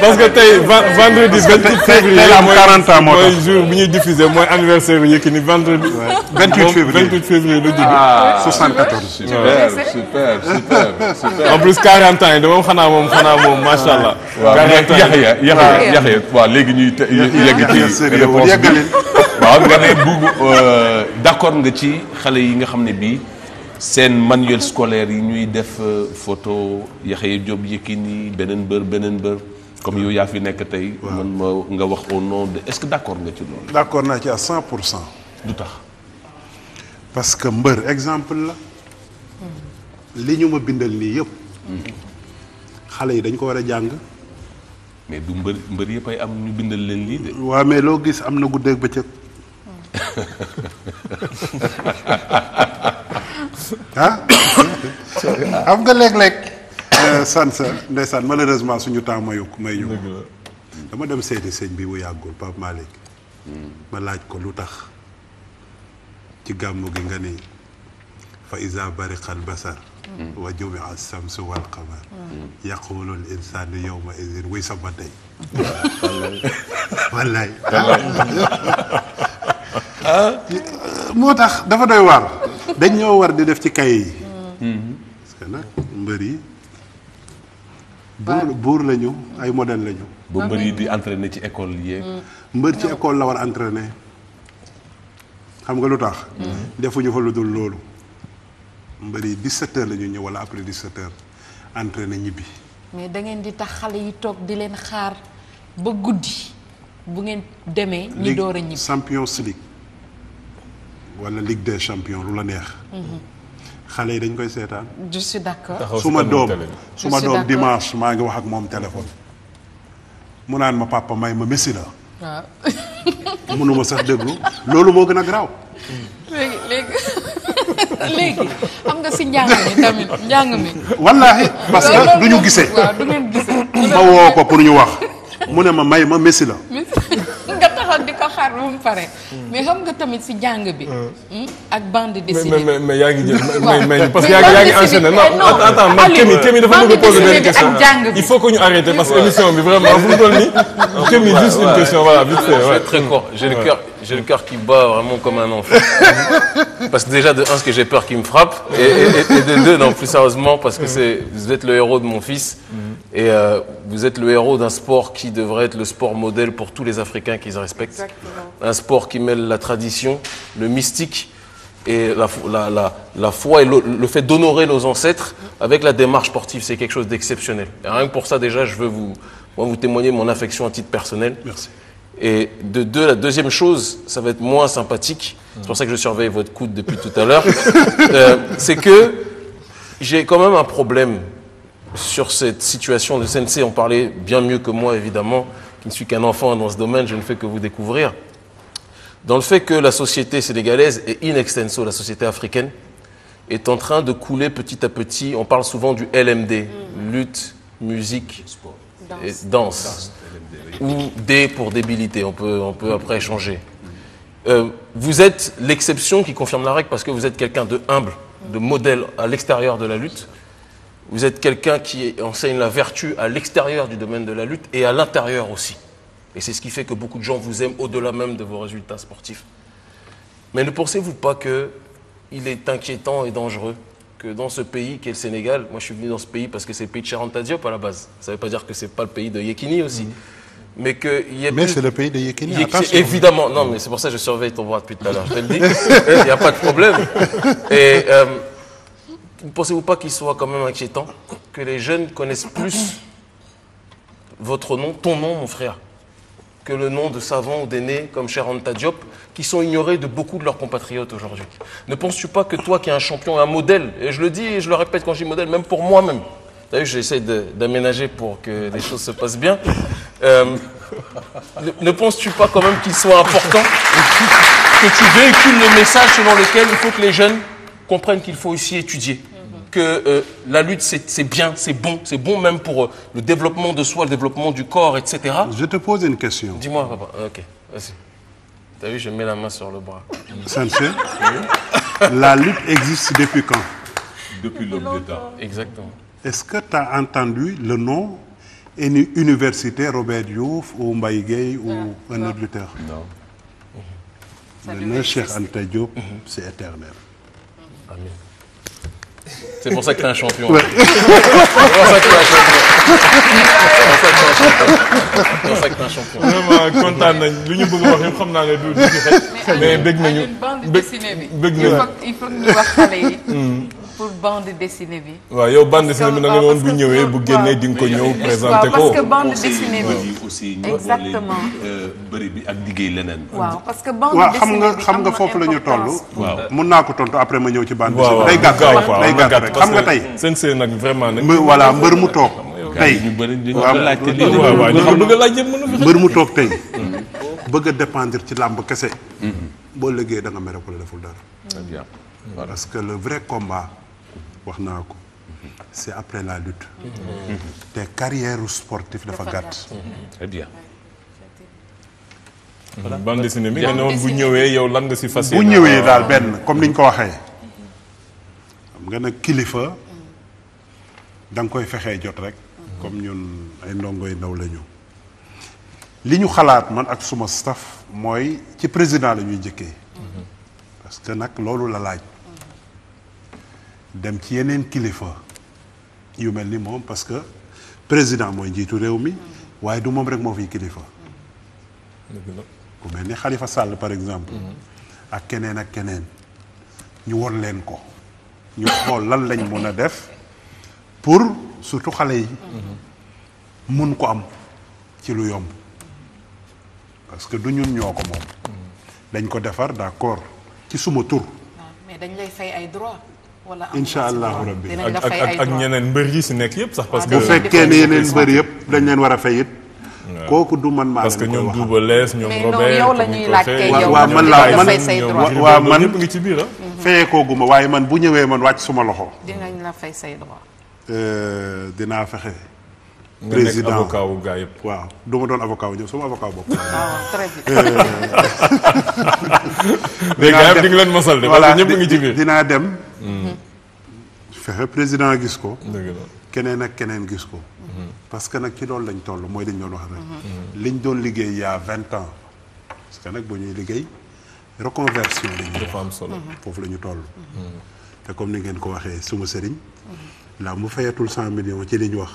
S3: parce que tey vendredi bi
S1: ñuy diffusé mooy anniversaire bi Yékini vendredi. 28 février 28 février la judd. ah 74
S3: super super super super. en plus
S1: 40 ans yi
S6: waaw léegi ñuy
S1: yegg ci réponse
S6: nga ne bu euh, d'accord nga ci xale yi nga xam ne bii. seen manuel scolaire yi ñuy def euh, photo Yaxya Diop Yékini beneen bër beneen bër. comme yooyu yaa fi nekk tey. man ma nga wax au nom de est-ce que d'accord nga ci loolu.
S2: d'accord naa ci à 100 pour cent. du tax. parce que mbër exemple la.
S6: li ñu ma bindal
S2: nii yëpp. xale yi dañ ko war a jàng.
S6: mais du mbër mbër yëpp ay am ñu bindal leen lii de. waaw mais loo gis am na guddeeg bëccëg. [laughs]
S2: ah. xam [coughs] nga léeg lekk sant sa ndeysaan malheureusement suñu temps mayu may ñu dama dem seeti sëñ bi mu yàggul Pape Malick hmm. ma laaj ko lu tax ci gàmmu gi nga ni fa isa bariqal basar hmm. wa jumi as-samsu wal qamar hmm. yaqulu al insanu yawma idin tey [laughs] [laughs] ah. moo tax dafa doy waar dañ ñoo war di def ci kay yi mbër yi buur buur la ñu ay modèle lañu ñu. ba mbër yi
S6: di entraîner ci école yi. Mm.
S2: mbër ci école la war entraîner xam nga lu tax. Mm. defuñu fa lu dul loolu. mbër yi 17 heures lañu ñëw wala après 17 heures entraîner ñibbi.
S4: mais da ngeen di tax xale yi toog di leen xaar ba guddi bu ngeen demee. ñu door a ñibbi
S2: Champions League wala Ligue des champions lu la neex. Mm-hmm. xale yi dañ koy seetaan. je suis su ma doom su ma doom dimanche maa ngi wax ak moom téléphone. mu naan ma papa may ma messi la.
S4: waaw. mënuma
S2: sax déglu loolu moo gën a garaaw.
S4: léegi léegi [laughs] léegi nga si njàng mi tamit njàng mi. wallaahi parce que du ñu gisee. waaw
S2: ma woo ko pour ñu wax. mu ne ma may ma messi la.
S4: toog di ko xaar ba mu pare. mais xam nga tamit si jàng bi. Hmm. Hmm? ak bande dessinée. mais mais yaa ngi jël mais mais parce que yaa ngi yaa ngi enchaîné non attends man Kémi Kémi dafa bëgg poser benn question
S1: il faut que ñu arrêté
S7: parce que émission bi vraiment fu mu toll nii
S3: [laughs] Kémi juste une question voilà vite fait ouais.
S7: très court j'ai le cœur j'ai le cœur qui bat vraiment comme un enfant [laughs] parce que déjà de un parce que j'ai peur qu'il me frappe et, et, et de deux non plus sérieusement parce que mm. c'est vous êtes le héros de mon fils. Mm. Et euh, vous êtes le héros d'un sport qui devrait être le sport modèle pour tous les Africains qu'ils respectent. Exactement. Un sport qui mêle la tradition, le mystique et la, la, la, la foi et le, le fait d'honorer nos ancêtres avec la démarche sportive. C'est quelque chose d'exceptionnel. Et rien que pour ça, déjà, je veux vous, moi, vous mon affection à titre personnel. Et de deux, la deuxième chose, ça va être moins sympathique. C'est pour ça que je surveille votre coude depuis tout à l'heure. [laughs] Euh, c'est sur cette situation de CNC, on parlait bien mieux que moi, évidemment, qui ne suis qu'un enfant dans ce domaine, je ne fais que vous découvrir. Dans le fait que la société sénégalaise et in extenso la société africaine est en train de couler petit à petit. On parle souvent du LMD, mm. lutte, musique, Danse. ou D pour débilité. On peut, après échanger. Euh, vous êtes l'exception qui confirme la règle parce que vous êtes quelqu'un de humble, de modèle à l'extérieur Vous êtes quelqu'un qui enseigne la vertu à l'extérieur du domaine de la lutte et à l'intérieur aussi. Et c'est ce qui fait que beaucoup de gens vous aiment au-delà même de vos résultats sportifs. Mais ne pensez-vous pas qu'il est inquiétant et dangereux que dans ce pays qu'est le Sénégal, moi je suis venu dans ce pays parce que c'est le pays de Charanta à la base. Ça veut pas dire que ce pas le pays de Yekini aussi. Mm-hmm. Mais que [laughs] y a pas de ne pensez-vous pas qu'il soit quand même inquiétant que les jeunes connaissent plus votre nom, ton nom, mon frère, que le nom de savants ou d'aînés comme Anta Diop, qui sont ignorés de beaucoup de leurs compatriotes aujourd'hui Ne penses-tu pas que toi, qui es un champion, un modèle, et je le répète quand je dis modèle, même pour moi-même, T'as vu, j'essaie d'aménager pour que les choses se passent bien. Euh, ne, penses-tu pas qu'il soit important jeunes comprennent qu'il faut aussi étudier mhm. que euh, la lutte c'est bien, c'est bon, même pour euh, le développement de soi, le développement du corps, etc. Je te pose une question. Dis-moi, papa. Euh, ok, le bras. Sensei,
S2: la lutte existe depuis quand? Est-ce que tu as entendu le nom une université Robert Diouf ou Mbaye Guèye ou ah, un autre lutteur? Non. Mhm. c'est éternel. Amen. C'est pour ça que t'es un champion. Ouais. C'est pour ça que t'es un champion.
S7: C'est pour ça que t'es un champion. vraiment kontaan nañ li ñu bëgg a wax yëpp
S1: xam naa ne du du ci xel. mais bëgg nañu mais bande dessinée bi. bëgg nañu il faut
S4: il faut ñu wax xale yi. pour bande dessinée bi.
S1: waaw yow bande dessinée bi na nga woon bu ñëwee bu génnee di nga ko ñëw présenté ko.
S4: parce que bande dessinée bi aussi exactement
S2: euh, bëri bi ak liggéey leneen.
S4: waaw parce que bande dessinée bi xam nga xam nga foofu la
S3: ñu toll.
S2: waaw mun naa ko tontu après ma ñëw ci bande dessinée. day gàtt rek day gàtt rek xam nga tey. seen seen nag vraiment nag. voilà mbër mu toog. tey waaw waaw ñu bëgg a laajte mbër mu toog tey. bëgg a dépendre ci làmb kese. Mhm. boo liggéey da nga mere ko la deful
S3: dara.
S2: parce que le vrai combat. wax naa ko c'est après la lutte te carrière sportif dafa gàtt très bien
S1: bande dessinée bi ne woon bu ñëwee yow lan nga si fas bu ñëwee daal benn comme
S2: ni ñu ko waxee xam nga nag kilifa da koy fexee jot rek comme ñun ay ndongoy ndaw la ñu li ñu xalaat man ak suma staff mooy ci président la ñuy njëkkee nag loolu la laaj dem ci yeneen kilifa yu mel ni moom parce que président mooy njiitu réew mi waaye du moom rek moo fiy kilifa ku mel ni xalifa Sall par exemple mhm. ak keneen ak keneen ñu wol leen ko ñu xool lan lañ mën a def pour surtout xale yi mhm. mun ko am ci lu yomb parce que du ñun ñoo ko moom mhm. dañ ko defar d'accord ci suma tur
S4: ah, incha allahu rabbi ak ak ñeneen
S2: mbër yi si nekk yëpp sax parce ah, que bu fekkee ne yeneen mbër yëpp dañ leen war a fay it kooku du man maa parce que ñoom man laa man man ñëpp ngi ci biir ah. mhm. fayee koogu ma waaye man bu ñëwee man wàcc suma loxo
S4: dinañ la fay say droit
S2: euh, dinaa fexe président waaw du doon avocat wu ñëw sama avocat bopp ah, euh. [laughs] dinaa dem Mm-hmm. fexe président gis ko. keneen ak keneen gis ko. Mm-hmm. parce que nag ci loolu lañ toll mooy dañ doon wax rek. Mm-hmm. liñ doon liggéey il y vingt ans parce que nag bu ñuy liggéey reconversion lañu. dafa am solo foofu la ñu toll. te comme ni ngeen ko waxee suma sëriñ. la mu fayatul cent millions ci li ñu wax.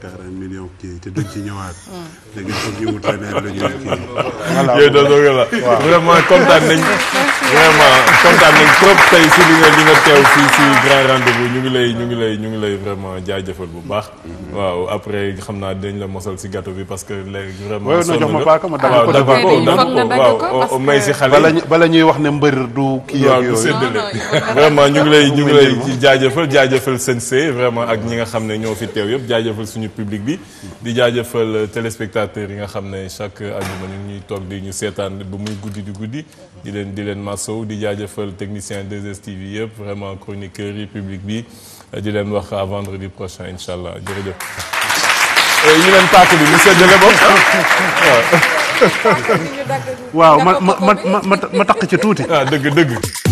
S2: kii te ci ñëwaat. la vraiment kontaan nañ.
S1: trop tey si li nga li nga teew fii si grand rendez-vous ñu ngi lay ñu ngi lay ñu ngi lay vraiment jaajëfal bu baax. Mm-hmm. waaw après xam naa dañ la mosal si gâteau bi parce que léegi vraiment. sonn jox ma ma dagg ko may si xale
S2: bala ñuy wax ne mbër du. kii ak yooyu séddale [laughs] vraiment ñu ngi lay ñu ngi lay
S1: jaajëfal jaajëfal seen vraiment ak ñi nga xam ne ñoo fi teew yëpp jaajëfal suñu public bi di jaajëfal téléspectateurs yi nga xam ne chaque àjjuma ma ngi ñuy toog di ñu seetaan ba muy guddi di guddi di leen di leen masow di jaajëfal technicien 2STV yëpp vraiment chroniqueurs yi public bi di leen wax à vendredi prochain incha allah jërëjëf
S2: euh, ñu leen tàkk bi monsieur Jalle
S1: [laughs]
S2: waaw ma ma ma ma takk ci tuuti. ah dëgg dëgg.